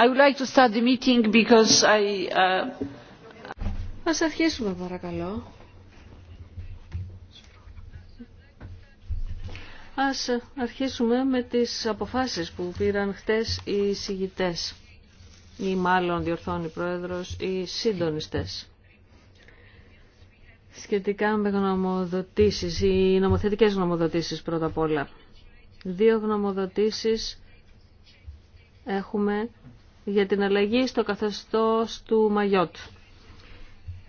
I uh, Ας αρχίσουμε παρακαλώ. Ας αρχίσουμε με τις αποφάσεις που πήραν χτες οι συγητές ή μάλλον διορθώνει πρόεδρος οι σύντονιστές. Σχετικά με γνωμοδοτήσεις, ή νομοθετικές γνωμοδοτήσεις πρώτα απ' όλα. Δύο γνωμοδοτήσεις έχουμε για την αλλαγή στο καθεστώς του Μαγιότ.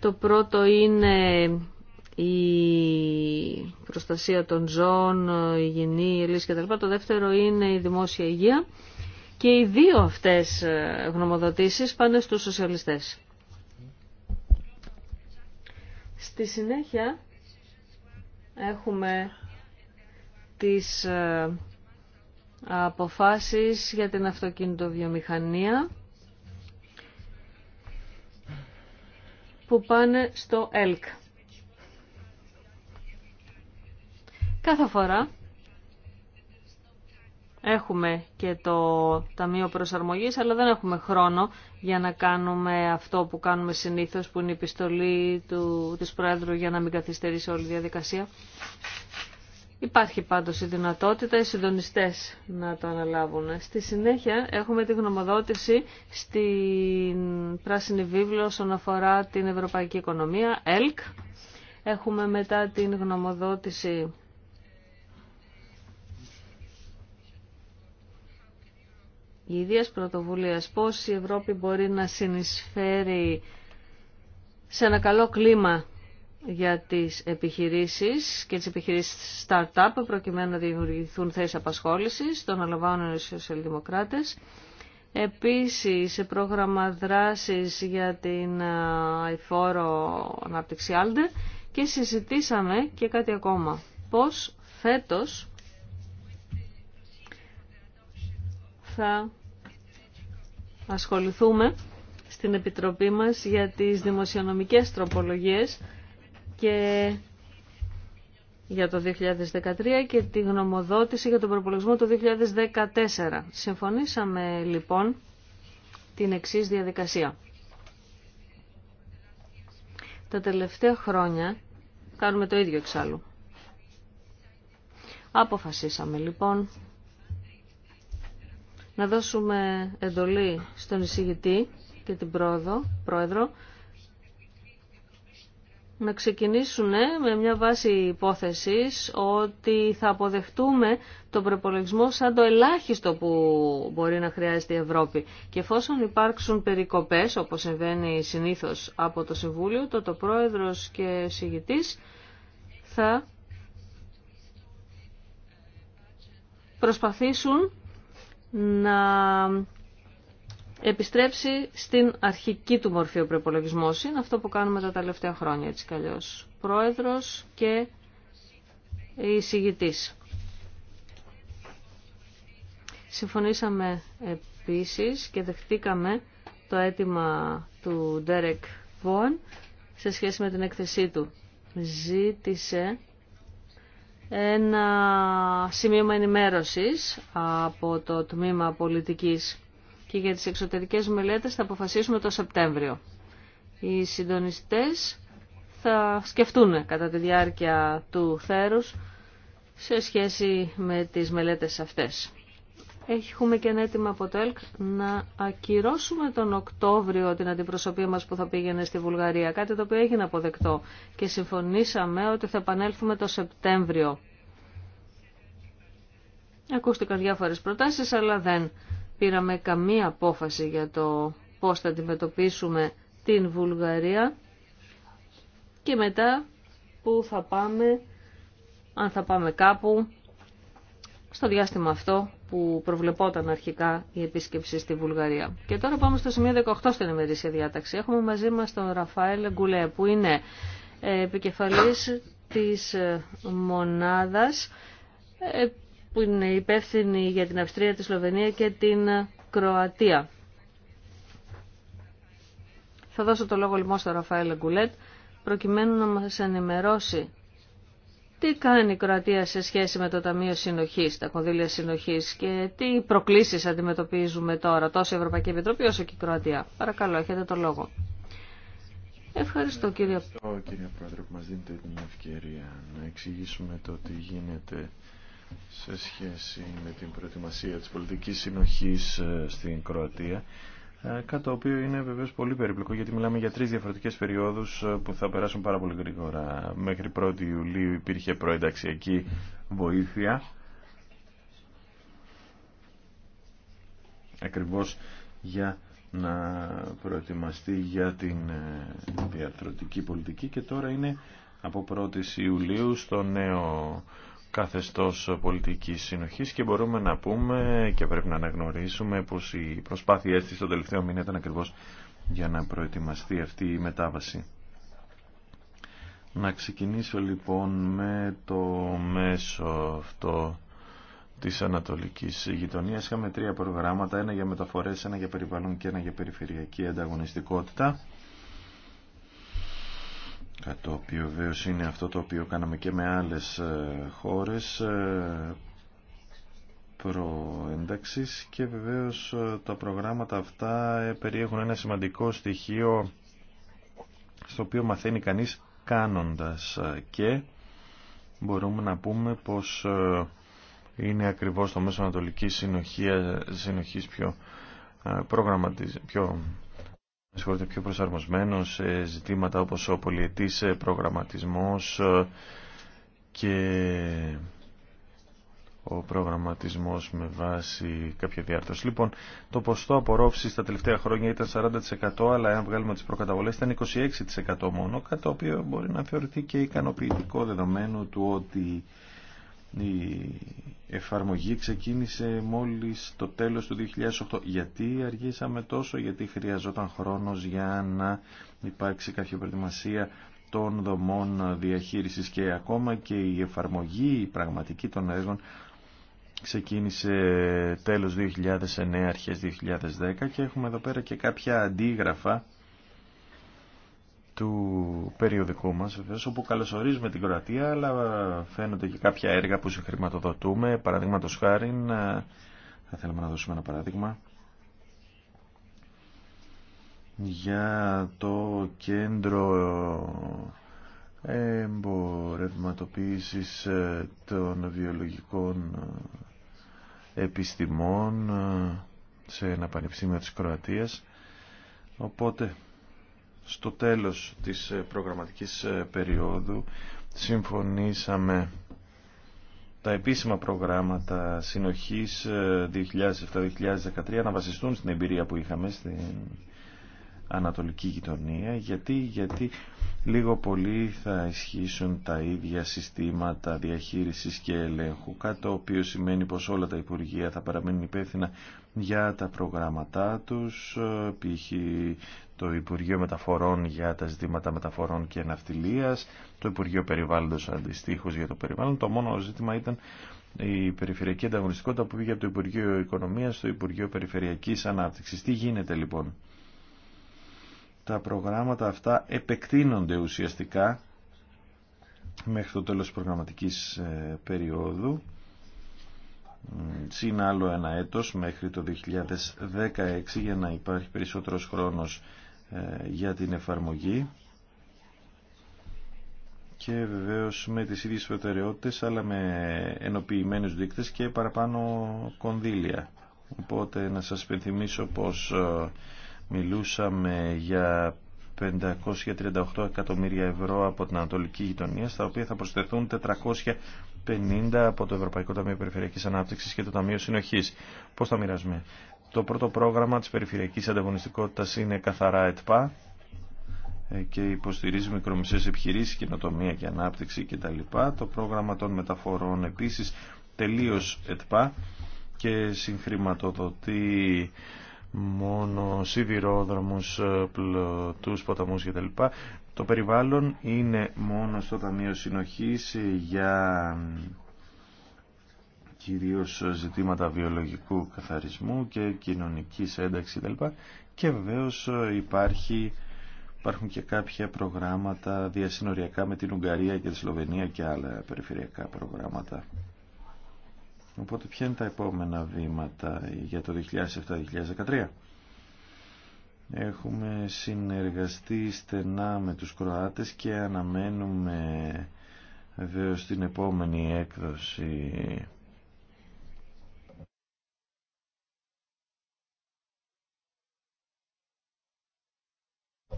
Το πρώτο είναι η προστασία των ζώων, η υγιεινή, η λύση κτλ. Το δεύτερο είναι η δημόσια υγεία. Και οι δύο αυτές γνωμοδοτήσεις πάνε στους σοσιαλιστές. Στη συνέχεια έχουμε τις ε, αποφάσεις για την αυτοκινητοβιομηχανία που πάνε στο ΕΛΚ. Κάθε φορά έχουμε και το Ταμείο Προσαρμογής, αλλά δεν έχουμε χρόνο για να κάνουμε αυτό που κάνουμε συνήθως, που είναι η επιστολή του, της Πρόεδρου για να μην καθυστερήσει όλη η διαδικασία. Υπάρχει πάντως η δυνατότητα οι συντονιστές να το αναλάβουν. Στη συνέχεια έχουμε τη γνωμοδότηση στην Πράσινη Βίβλο όσον αφορά την Ευρωπαϊκή Οικονομία, ΕΛΚ. Έχουμε μετά την γνωμοδότηση ίδιας πρωτοβουλίας πώς η Ευρώπη μπορεί να συνεισφέρει σε ένα καλό κλίμα για τις επιχειρήσεις και τις επιχειρήσεις startup προκειμένου να δημιουργηθούν θέσεις απασχόλησης, των αναλαμβάνουν οι σοσιαλδημοκράτες. Επίσης, σε πρόγραμμα δράσης για την αηφόρο ανάπτυξη Άλντε και συζητήσαμε και κάτι ακόμα. Πώς φέτος θα ασχοληθούμε στην Επιτροπή μας για τις δημοσιονομικές τροπολογίες και για το 2013 και τη γνωμοδότηση για τον προπολογισμό το 2014. Συμφωνήσαμε λοιπόν την εξής διαδικασία. Τα τελευταία χρόνια κάνουμε το ίδιο εξάλλου. Αποφασίσαμε λοιπόν να δώσουμε εντολή στον εισηγητή και την πρόεδρο να ξεκινήσουν με μια βάση υπόθεσης ότι θα αποδεχτούμε τον προπολογισμό σαν το ελάχιστο που μπορεί να χρειάζεται η Ευρώπη. Και εφόσον υπάρξουν περικοπές, όπως συμβαίνει συνήθως από το Συμβούλιο, το ο Πρόεδρος και συγητής θα προσπαθήσουν να επιστρέψει στην αρχική του μορφή ο προπολογισμό. Είναι αυτό που κάνουμε τα τελευταία χρόνια έτσι κι Πρόεδρος και εισηγητή. Συμφωνήσαμε επίσης και δεχτήκαμε το αίτημα του Derek Βόν σε σχέση με την έκθεσή του. Ζήτησε ένα σημείωμα ενημέρωσης από το Τμήμα Πολιτικής και για τις εξωτερικές μελέτες θα αποφασίσουμε το Σεπτέμβριο. Οι συντονιστές θα σκεφτούν κατά τη διάρκεια του θέρους σε σχέση με τις μελέτες αυτές. Έχουμε και ένα αίτημα από το ΕΛΚ να ακυρώσουμε τον Οκτώβριο την αντιπροσωπή μας που θα πήγαινε στη Βουλγαρία, κάτι το οποίο έγινε αποδεκτό και συμφωνήσαμε ότι θα επανέλθουμε το Σεπτέμβριο. Ακούστηκαν διάφορες προτάσεις αλλά δεν πήραμε καμία απόφαση για το πώς θα αντιμετωπίσουμε την Βουλγαρία και μετά που θα πάμε, αν θα πάμε κάπου, στο διάστημα αυτό που προβλεπόταν αρχικά η επίσκεψη στη Βουλγαρία. Και τώρα πάμε στο σημείο 18 στην ημερήσια διάταξη. Έχουμε μαζί μας τον Ραφαέλ Γκουλέ που είναι ε, επικεφαλής της ε, μονάδας ε, που είναι υπεύθυνη για την Αυστρία, τη Σλοβενία και την Κροατία. Θα δώσω το λόγο λοιπόν στο Ραφαέλ Γκουλέτ προκειμένου να μας ενημερώσει τι κάνει η Κροατία σε σχέση με το Ταμείο Συνοχής, τα κονδύλια συνοχής και τι προκλήσεις αντιμετωπίζουμε τώρα τόσο η Ευρωπαϊκή Επιτροπή όσο και η Κροατία. Παρακαλώ, έχετε το λόγο. Ευχαριστώ κύριε κύριε Πρόεδρε που μας δίνετε την ευκαιρία να εξηγήσουμε το τι γίνεται σε σχέση με την προετοιμασία της πολιτικής συνοχής ε, στην Κροατία ε, κάτι το οποίο είναι βεβαίως πολύ περίπλοκο γιατί μιλάμε για τρεις διαφορετικές περιόδους ε, που θα περάσουν πάρα πολύ γρήγορα. Μέχρι 1η Ιουλίου υπήρχε προενταξιακή βοήθεια ακριβώς για να προετοιμαστεί για την διαρθρωτική πολιτική και τώρα είναι από 1η Ιουλίου στο νέο καθεστώς πολιτικής συνοχής και μπορούμε να πούμε και πρέπει να αναγνωρίσουμε πως οι προσπάθεια της τον τελευταίο μήνα ήταν ακριβώς για να προετοιμαστεί αυτή η μετάβαση. Να ξεκινήσω λοιπόν με το μέσο αυτό της Ανατολικής Γειτονίας. Είχαμε τρία προγράμματα, ένα για μεταφορές, ένα για περιβαλλον και ένα για περιφερειακή ανταγωνιστικότητα το οποίο βέβαιω είναι αυτό το οποίο κάναμε και με άλλες ε, χώρες ε, προένταξης και βεβαίως ε, τα προγράμματα αυτά περιέχουν ένα σημαντικό στοιχείο στο οποίο μαθαίνει κανείς κάνοντας και μπορούμε να πούμε πως είναι ακριβώς το μέσο ανατολικής συνοχής πιο, πιο συγχωρείτε, πιο προσαρμοσμένο σε ζητήματα όπως ο πολιετής ε, προγραμματισμός ε, και ο προγραμματισμός με βάση κάποια διάρθρωση. Λοιπόν, το ποστό απορρόφησης τα τελευταία χρόνια ήταν 40% αλλά αν βγάλουμε τις προκαταβολές ήταν 26% μόνο, κάτι το οποίο μπορεί να θεωρηθεί και ικανοποιητικό δεδομένο του ότι η εφαρμογή ξεκίνησε μόλις το τέλος του 2008. Γιατί αργήσαμε τόσο, γιατί χρειαζόταν χρόνος για να υπάρξει κάποια προετοιμασία των δομών διαχείρισης και ακόμα και η εφαρμογή η πραγματική των έργων ξεκίνησε τέλος 2009, αρχές 2010 και έχουμε εδώ πέρα και κάποια αντίγραφα του περιοδικού μας, βεβαίως, όπου καλωσορίζουμε την Κροατία, αλλά φαίνονται και κάποια έργα που συγχρηματοδοτούμε. Παραδείγματο χάρη, θα θέλαμε να δώσουμε ένα παράδειγμα, για το κέντρο εμπορευματοποίησης ε, των βιολογικών ε, επιστημών ε, σε ένα πανεπιστήμιο της Κροατίας. Οπότε στο τέλος της ε, προγραμματικής ε, περίοδου συμφωνήσαμε τα επίσημα προγράμματα συνοχής 2007-2013 ε, να βασιστούν στην εμπειρία που είχαμε στην Ανατολική Γειτονία γιατί, γιατί λίγο πολύ θα ισχύσουν τα ίδια συστήματα διαχείρισης και ελέγχου κάτι το οποίο σημαίνει πως όλα τα Υπουργεία θα παραμείνουν υπεύθυνα για τα προγράμματά τους π.χ το Υπουργείο Μεταφορών για τα ζητήματα μεταφορών και ναυτιλίας, το Υπουργείο Περιβάλλοντος αντιστοίχω για το περιβάλλον. Το μόνο ζήτημα ήταν η περιφερειακή ανταγωνιστικότητα που πήγε από το Υπουργείο Οικονομίας στο Υπουργείο Περιφερειακής Ανάπτυξης. Τι γίνεται λοιπόν. Τα προγράμματα αυτά επεκτείνονται ουσιαστικά μέχρι το τέλος τη προγραμματικής ε, περίοδου συν άλλο ένα έτος μέχρι το 2016 για να υπάρχει περισσότερος χρόνος ε, για την εφαρμογή και βεβαίως με τις ίδιες προτεραιότητες αλλά με ενοποιημένους δείκτες και παραπάνω κονδύλια. Οπότε να σας πενθυμίσω πως ε, μιλούσαμε για 538 εκατομμύρια ευρώ από την Ανατολική Γειτονία, στα οποία θα προσθεθούν 450 από το Ευρωπαϊκό Ταμείο Περιφερειακής Ανάπτυξης και το Ταμείο Συνοχής. Πώς θα μοιράζουμε το πρώτο πρόγραμμα της περιφερειακής ανταγωνιστικότητας είναι καθαρά ΕΤΠΑ ε, και υποστηρίζει μικρομεσαίες επιχειρήσεις, κοινοτομία και ανάπτυξη κτλ. Το πρόγραμμα των μεταφορών επίσης τελείως ΕΤΠΑ και συγχρηματοδοτεί μόνο σιδηρόδρομους, ε, πλωτούς ποταμούς κτλ. Το περιβάλλον είναι μόνο στο Ταμείο Συνοχής για κυρίως ζητήματα βιολογικού καθαρισμού και κοινωνικής ένταξης κλπ. Και βεβαίως υπάρχει, υπάρχουν και κάποια προγράμματα διασυνοριακά με την Ουγγαρία και τη Σλοβενία και άλλα περιφερειακά προγράμματα. Οπότε ποια είναι τα επόμενα βήματα για το 2007-2013. Έχουμε συνεργαστεί στενά με τους Κροάτες και αναμένουμε βεβαίως την επόμενη έκδοση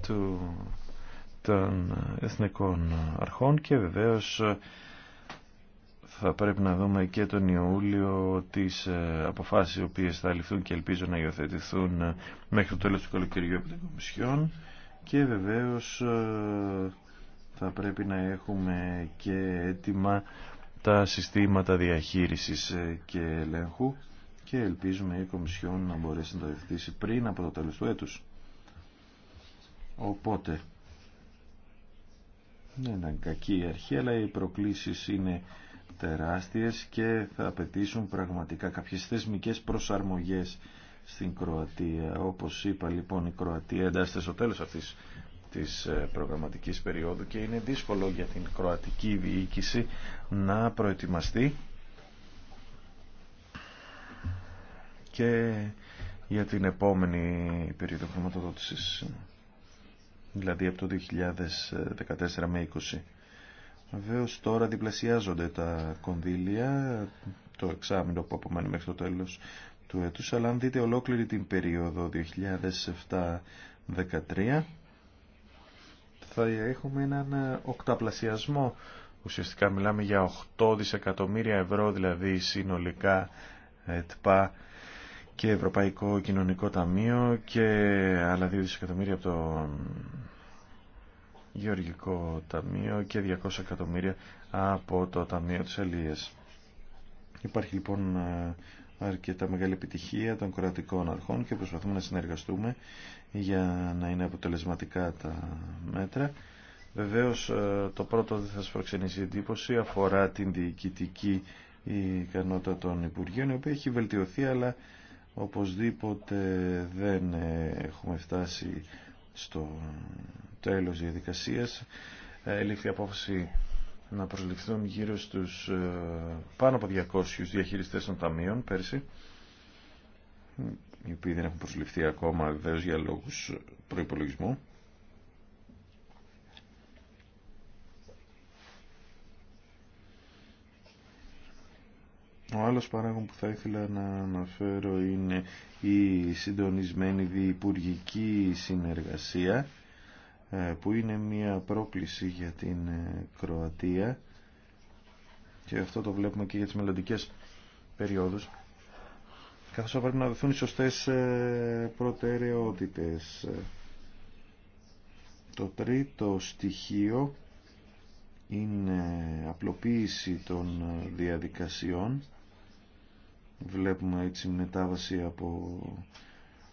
του, των εθνικών αρχών και βεβαίως θα πρέπει να δούμε και τον Ιούλιο τις ε, αποφάσεις οι οποίες θα ληφθούν και ελπίζω να υιοθετηθούν μέχρι το τέλος του καλοκαιριού από την Κομισιόν και βεβαίως ε, θα πρέπει να έχουμε και έτοιμα τα συστήματα διαχείρισης ε, και ελέγχου και ελπίζουμε η Κομισιόν να μπορέσει να το διευθύνσει πριν από το τέλος του έτους. Οπότε, δεν ναι, ήταν κακή αρχή, αλλά οι προκλήσεις είναι τεράστιες και θα απαιτήσουν πραγματικά κάποιες θεσμικές προσαρμογές στην Κροατία. Όπως είπα λοιπόν η Κροατία εντάσσεται στο τέλος αυτής της ε, προγραμματικής περίοδου και είναι δύσκολο για την κροατική διοίκηση να προετοιμαστεί και για την επόμενη περίοδο χρηματοδότησης δηλαδή από το 2014 με 20. Βεβαίω τώρα διπλασιάζονται τα κονδύλια, το εξάμεινο που απομένει μέχρι το τέλος του έτους, αλλά αν δείτε ολόκληρη την περίοδο 2007-2013, θα έχουμε έναν ε, οκταπλασιασμό. Ουσιαστικά μιλάμε για 8 δισεκατομμύρια ευρώ, δηλαδή συνολικά ΕΤΠΑ και Ευρωπαϊκό Κοινωνικό Ταμείο και άλλα 2 δισεκατομμύρια από το Γεωργικό Ταμείο και 200 εκατομμύρια από το Ταμείο της Αλίας. Υπάρχει λοιπόν αρκετά μεγάλη επιτυχία των κρατικών αρχών και προσπαθούμε να συνεργαστούμε για να είναι αποτελεσματικά τα μέτρα. Βεβαίως ε, το πρώτο δεν θα σας προξενήσει εντύπωση αφορά την διοικητική ικανότητα των Υπουργείων η οποία έχει βελτιωθεί αλλά Οπωσδήποτε δεν ε, έχουμε φτάσει στο τέλος διαδικασίας. Ελήφθη απόφαση να προσληφθούν γύρω στους ε, πάνω από 200 διαχειριστές των ταμείων πέρσι οι οποίοι δεν έχουν προσληφθεί ακόμα βεβαίω για λόγους προϋπολογισμού Ο άλλος παράγον που θα ήθελα να αναφέρω είναι η συντονισμένη διυπουργική συνεργασία ε, που είναι μια πρόκληση για την ε, Κροατία και αυτό το βλέπουμε και για τις μελλοντικέ περιόδους καθώς θα πρέπει να δοθούν οι σωστές ε, προτεραιότητες. Το τρίτο στοιχείο είναι απλοποίηση των διαδικασιών Βλέπουμε έτσι μετάβαση από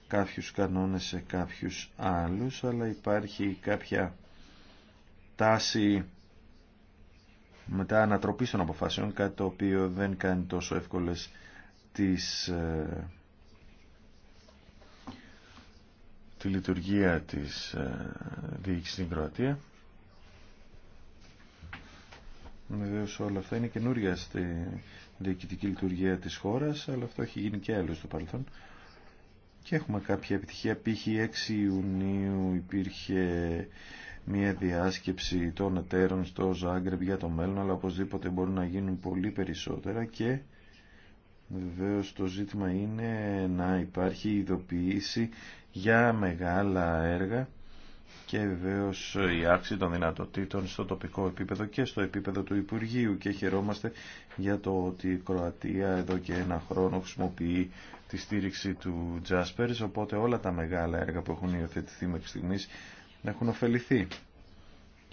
κάποιους κανόνες σε κάποιους άλλους, αλλά υπάρχει κάποια τάση μετά ανατροπή των αποφάσεων, κάτι το οποίο δεν κάνει τόσο εύκολες τις, ε, τη λειτουργία της ε, διοίκησης στην Κροατία. Βεβαίω όλα αυτά είναι καινούργια στη διοικητική λειτουργία της χώρας, αλλά αυτό έχει γίνει και άλλο στο παρελθόν. Και έχουμε κάποια επιτυχία. Π.χ. 6 Ιουνίου υπήρχε μια διάσκεψη των εταίρων στο Ζάγκρεπ για το μέλλον, αλλά οπωσδήποτε μπορούν να γίνουν πολύ περισσότερα και βεβαίω το ζήτημα είναι να υπάρχει ειδοποίηση για μεγάλα έργα και βεβαίω η αύξηση των δυνατοτήτων στο τοπικό επίπεδο και στο επίπεδο του Υπουργείου και χαιρόμαστε για το ότι η Κροατία εδώ και ένα χρόνο χρησιμοποιεί τη στήριξη του Τζάσπερς οπότε όλα τα μεγάλα έργα που έχουν υιοθετηθεί μέχρι στιγμής έχουν ωφεληθεί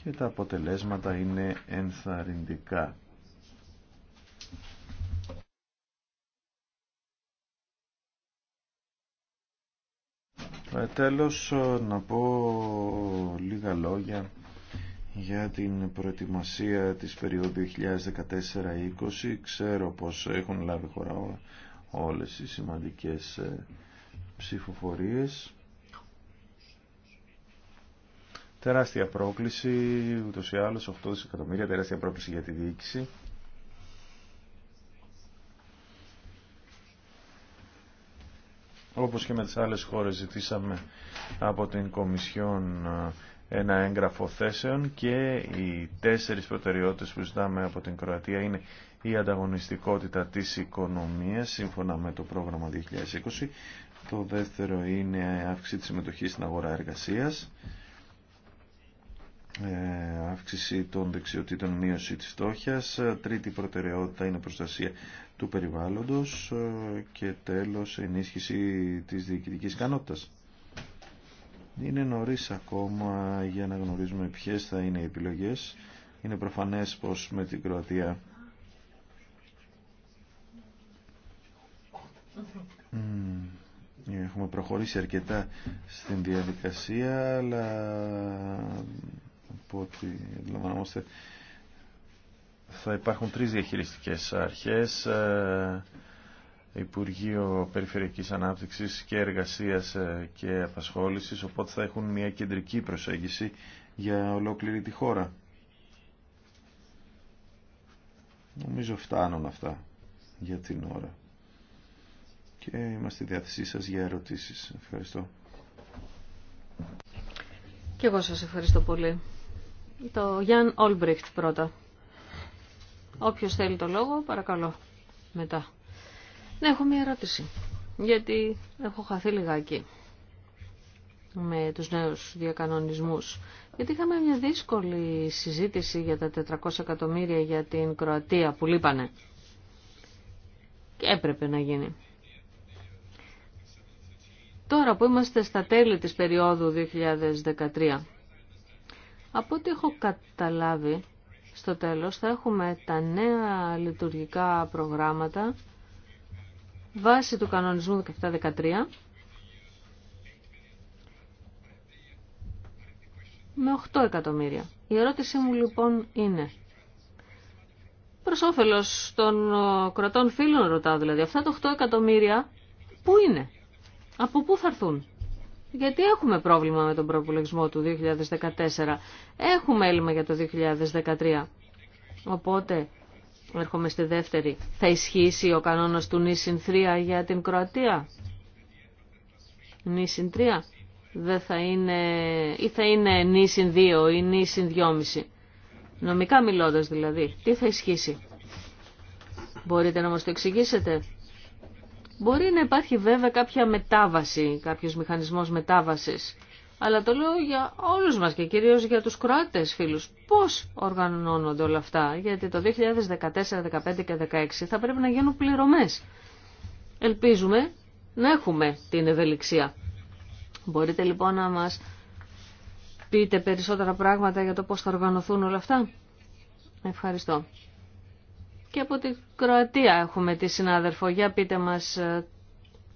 και τα αποτελέσματα είναι ενθαρρυντικά. Ε, τέλος ε, να πω λίγα λόγια για την προετοιμασία της περίοδου 2014-2020. Ξέρω πως έχουν λάβει χώρα όλες οι σημαντικές ε, ψηφοφορίες. Τεράστια πρόκληση, ούτως ή άλλως 8 δισεκατομμύρια, τεράστια πρόκληση για τη διοίκηση. Όπως και με τις άλλες χώρες ζητήσαμε από την Κομισιόν ένα έγγραφο θέσεων και οι τέσσερις προτεραιότητες που ζητάμε από την Κροατία είναι η ανταγωνιστικότητα της οικονομίας σύμφωνα με το πρόγραμμα 2020. Το δεύτερο είναι η αύξηση της συμμετοχής στην αγορά εργασίας. Ε, αύξηση των δεξιοτήτων μείωση της φτώχειας, ε, τρίτη προτεραιότητα είναι προστασία του περιβάλλοντος ε, και τέλος ενίσχυση της διοικητικής ικανότητας. Είναι νωρίς ακόμα για να γνωρίζουμε ποιες θα είναι οι επιλογές. Είναι προφανές πως με την Κροατία έχουμε προχωρήσει αρκετά στην διαδικασία, αλλά ότι αντιλαμβανόμαστε θα υπάρχουν τρεις διαχειριστικές αρχές ε, Υπουργείο Περιφερειακής Ανάπτυξης και Εργασίας ε, και Απασχόλησης οπότε θα έχουν μια κεντρική προσέγγιση για ολόκληρη τη χώρα Νομίζω φτάνουν αυτά για την ώρα και είμαστε στη διάθεσή σας για ερωτήσεις Ευχαριστώ και εγώ σας ευχαριστώ πολύ το Γιάνν Όλμπριχτ πρώτα. Όποιος θέλει το λόγο, παρακαλώ. Μετά. Ναι, έχω μία ερώτηση. Γιατί έχω χαθεί λιγάκι με τους νέους διακανονισμούς. Γιατί είχαμε μια δύσκολη συζήτηση για τα 400 εκατομμύρια για την Κροατία που λείπανε. Και έπρεπε να γίνει. Τώρα που είμαστε στα τέλη της περίοδου 2013, από ό,τι έχω καταλάβει, στο τέλος θα έχουμε τα νέα λειτουργικά προγράμματα βάσει του κανονισμού 17-13 με 8 εκατομμύρια. Η ερώτησή μου λοιπόν είναι, προς όφελος των ε, κρατών φίλων ρωτάω δηλαδή, αυτά τα 8 εκατομμύρια πού είναι, από πού θα έρθουν γιατί έχουμε πρόβλημα με τον προπολογισμό του 2014. Έχουμε έλλειμμα για το 2013. Οπότε, έρχομαι στη δεύτερη, θα ισχύσει ο κανόνας του νησιν 3 για την Κροατία. Νησιν 3 δεν θα είναι, ή θα είναι νησιν 2 ή νησιν 2,5. Νομικά μιλώντας δηλαδή, τι θα ισχύσει. Μπορείτε να μας το εξηγήσετε. Μπορεί να υπάρχει βέβαια κάποια μετάβαση, κάποιος μηχανισμός μετάβασης. Αλλά το λέω για όλους μας και κυρίως για τους Κροάτες φίλους. Πώς οργανώνονται όλα αυτά, γιατί το 2014, 2015 και 2016 θα πρέπει να γίνουν πληρωμές. Ελπίζουμε να έχουμε την ευελιξία. Μπορείτε λοιπόν να μας πείτε περισσότερα πράγματα για το πώς θα οργανωθούν όλα αυτά. Ευχαριστώ. Και από την Κροατία έχουμε τη συνάδελφο. Για πείτε μας ε,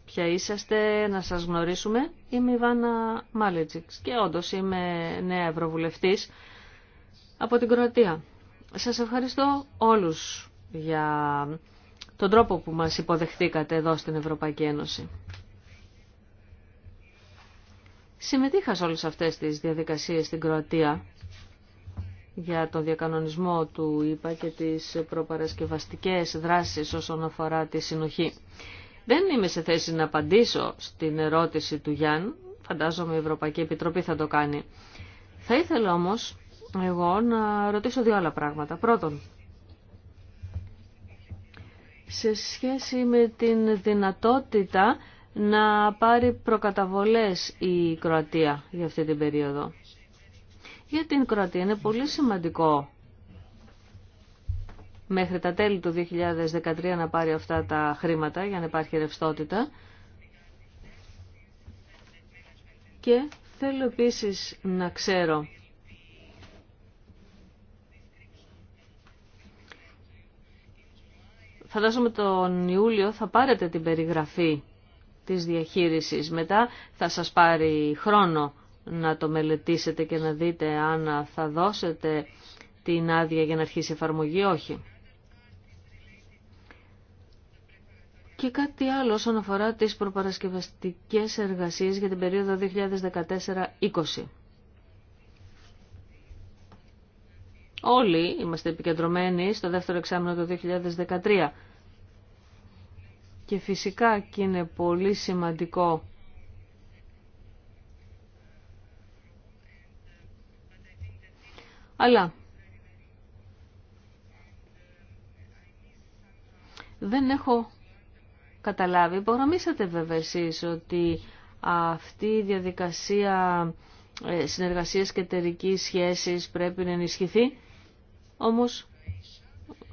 ποια είσαστε, να σας γνωρίσουμε. Είμαι η Βάνα Μάλετζιξ και όντως είμαι νέα ευρωβουλευτής από την Κροατία. Σας ευχαριστώ όλους για τον τρόπο που μας υποδεχτήκατε εδώ στην Ευρωπαϊκή Ένωση. Συμμετείχα σε όλες αυτές τις διαδικασίες στην Κροατία για τον διακανονισμό του ΙΠΑ και τις προπαρασκευαστικές δράσεις όσον αφορά τη συνοχή. Δεν είμαι σε θέση να απαντήσω στην ερώτηση του Γιάνν, φαντάζομαι η Ευρωπαϊκή Επιτροπή θα το κάνει. Θα ήθελα όμως εγώ να ρωτήσω δύο άλλα πράγματα. Πρώτον, σε σχέση με την δυνατότητα να πάρει προκαταβολές η Κροατία για αυτή την περίοδο για την Κροατία. Είναι πολύ σημαντικό μέχρι τα τέλη του 2013 να πάρει αυτά τα χρήματα για να υπάρχει ρευστότητα. Και θέλω επίσης να ξέρω Φαντάζομαι τον Ιούλιο θα πάρετε την περιγραφή της διαχείρισης. Μετά θα σας πάρει χρόνο να το μελετήσετε και να δείτε αν θα δώσετε την άδεια για να αρχίσει η εφαρμογή, όχι. Και κάτι άλλο όσον αφορά τις προπαρασκευαστικές εργασίες για την περίοδο 2014-20. Όλοι είμαστε επικεντρωμένοι στο δεύτερο εξάμεινο του 2013. Και φυσικά και είναι πολύ σημαντικό αλλά δεν έχω καταλάβει, υπογραμμίσατε βέβαια εσείς ότι αυτή η διαδικασία ε, συνεργασίας και εταιρική σχέσης πρέπει να ενισχυθεί, όμως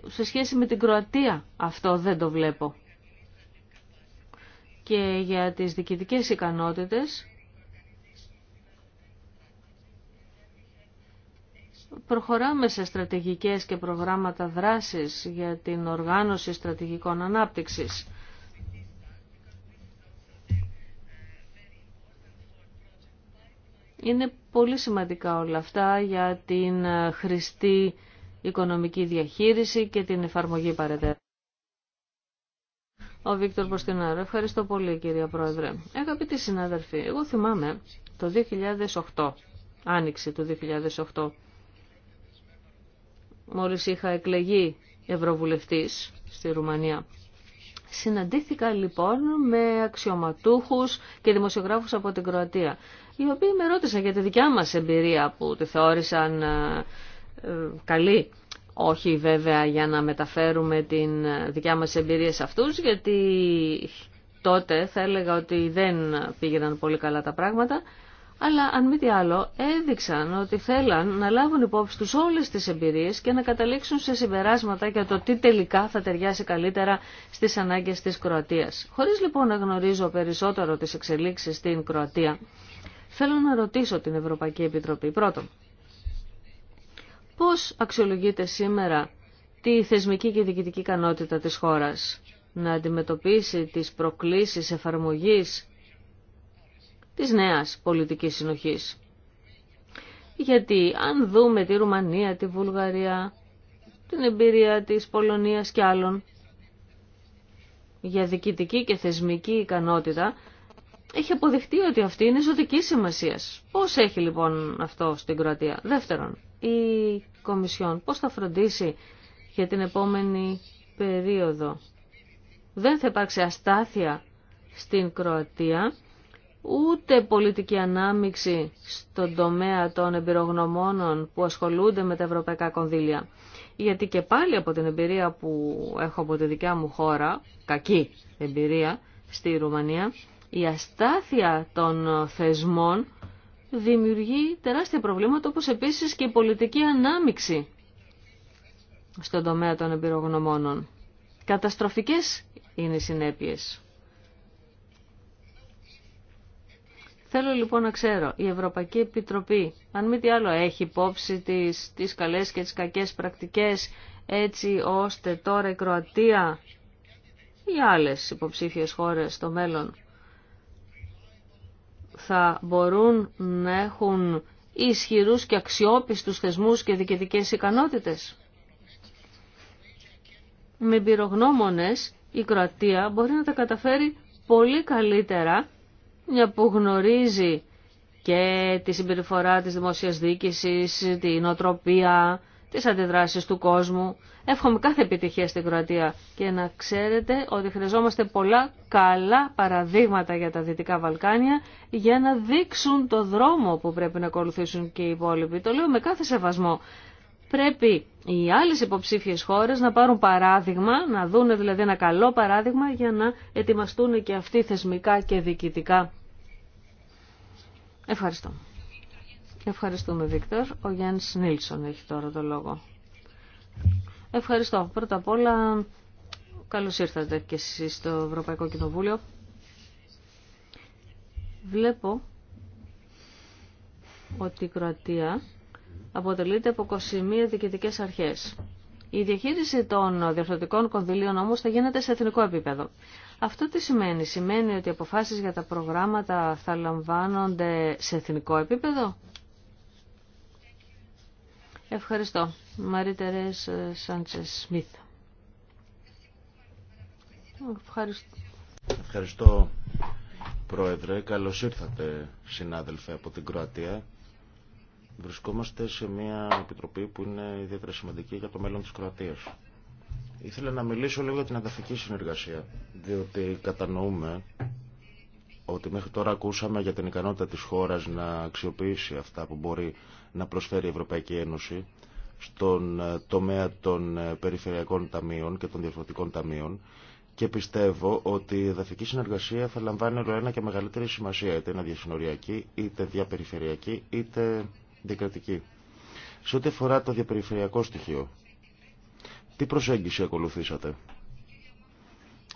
σε σχέση με την Κροατία αυτό δεν το βλέπω. Και για τις διοικητικές ικανότητες προχωράμε σε στρατηγικές και προγράμματα δράσης για την οργάνωση στρατηγικών ανάπτυξης. Είναι πολύ σημαντικά όλα αυτά για την χρηστή οικονομική διαχείριση και την εφαρμογή παρετέρω. Ο Βίκτορ Ποστινάρο. Ευχαριστώ πολύ κυρία Πρόεδρε. Αγαπητοί συνάδελφοι, εγώ θυμάμαι το 2008, άνοιξη του 2008, μόλις είχα εκλεγεί ευρωβουλευτής στη Ρουμανία. Συναντήθηκα λοιπόν με αξιωματούχους και δημοσιογράφους από την Κροατία, οι οποίοι με ρώτησαν για τη δικιά μας εμπειρία που τη θεώρησαν ε, ε, καλή. Όχι βέβαια για να μεταφέρουμε την ε, δικιά μας εμπειρία σε αυτούς, γιατί τότε θα έλεγα ότι δεν πήγαιναν πολύ καλά τα πράγματα, αλλά αν μη τι άλλο έδειξαν ότι θέλαν να λάβουν υπόψη τους όλες τις εμπειρίες και να καταλήξουν σε συμπεράσματα για το τι τελικά θα ταιριάσει καλύτερα στις ανάγκες της Κροατίας. Χωρίς λοιπόν να γνωρίζω περισσότερο τις εξελίξεις στην Κροατία, θέλω να ρωτήσω την Ευρωπαϊκή Επιτροπή. Πρώτον, πώς αξιολογείται σήμερα τη θεσμική και διοικητική ικανότητα της χώρας να αντιμετωπίσει τις προκλήσεις εφαρμογής της νέας πολιτικής συνοχής. Γιατί αν δούμε τη Ρουμανία, τη Βουλγαρία, την εμπειρία της Πολωνίας και άλλων για διοικητική και θεσμική ικανότητα, έχει αποδειχτεί ότι αυτή είναι ζωτική σημασία. Πώς έχει λοιπόν αυτό στην Κροατία. Δεύτερον, η Κομισιόν πώς θα φροντίσει για την επόμενη περίοδο. Δεν θα υπάρξει αστάθεια στην Κροατία ούτε πολιτική ανάμειξη στον τομέα των εμπειρογνωμόνων που ασχολούνται με τα ευρωπαϊκά κονδύλια. Γιατί και πάλι από την εμπειρία που έχω από τη δικιά μου χώρα, κακή εμπειρία στη Ρουμανία, η αστάθεια των θεσμών δημιουργεί τεράστια προβλήματα όπως επίσης και η πολιτική ανάμειξη στον τομέα των εμπειρογνωμόνων. Καταστροφικές είναι οι συνέπειες. Θέλω λοιπόν να ξέρω, η Ευρωπαϊκή Επιτροπή, αν μη τι άλλο, έχει υπόψη τις, τις καλές και τις κακές πρακτικές, έτσι ώστε τώρα η Κροατία ή άλλες υποψήφιες χώρες στο μέλλον θα μπορούν να έχουν ισχυρούς και αξιόπιστους θεσμούς και διοικητικές ικανότητες. Με πυρογνώμονες η Κροατία μπορεί να τα καταφέρει πολύ καλύτερα μια που γνωρίζει και τη συμπεριφορά της δημόσιας διοίκησης, την οτροπία, τις αντιδράσεις του κόσμου. Εύχομαι κάθε επιτυχία στην Κροατία και να ξέρετε ότι χρειαζόμαστε πολλά καλά παραδείγματα για τα Δυτικά Βαλκάνια για να δείξουν το δρόμο που πρέπει να ακολουθήσουν και οι υπόλοιποι. Το λέω με κάθε σεβασμό πρέπει οι άλλες υποψήφιες χώρες να πάρουν παράδειγμα, να δούνε δηλαδή ένα καλό παράδειγμα για να ετοιμαστούν και αυτοί θεσμικά και διοικητικά. Ευχαριστώ. Ευχαριστούμε Βίκτορ. Ο Γιάννης Νίλσον έχει τώρα το λόγο. Ευχαριστώ. Πρώτα απ' όλα καλώς ήρθατε και εσείς στο Ευρωπαϊκό Κοινοβούλιο. Βλέπω ότι η Κροατία αποτελείται από 21 διοικητικέ αρχές. Η διαχείριση των διορθωτικών κονδυλίων όμως θα γίνεται σε εθνικό επίπεδο. Αυτό τι σημαίνει. Σημαίνει ότι οι αποφάσεις για τα προγράμματα θα λαμβάνονται σε εθνικό επίπεδο. Ευχαριστώ. Μαρίτερες Σάντσε Σμιθ. Ευχαριστώ. Ευχαριστώ, Πρόεδρε. Καλώς ήρθατε, συνάδελφε, από την Κροατία. Βρισκόμαστε σε μια επιτροπή που είναι ιδιαίτερα σημαντική για το μέλλον της Κροατίας. Ήθελα να μιλήσω λίγο για την ανταφική συνεργασία, διότι κατανοούμε ότι μέχρι τώρα ακούσαμε για την ικανότητα της χώρας να αξιοποιήσει αυτά που μπορεί να προσφέρει η Ευρωπαϊκή Ένωση στον ε, τομέα των ε, περιφερειακών ταμείων και των διαφορετικών ταμείων και πιστεύω ότι η εδαφική συνεργασία θα λαμβάνει όλο ένα και μεγαλύτερη σημασία είτε είναι διασυνοριακή, είτε διαπεριφερειακή, είτε σε ό,τι αφορά το διαπεριφερειακό στοιχείο, τι προσέγγιση ακολουθήσατε.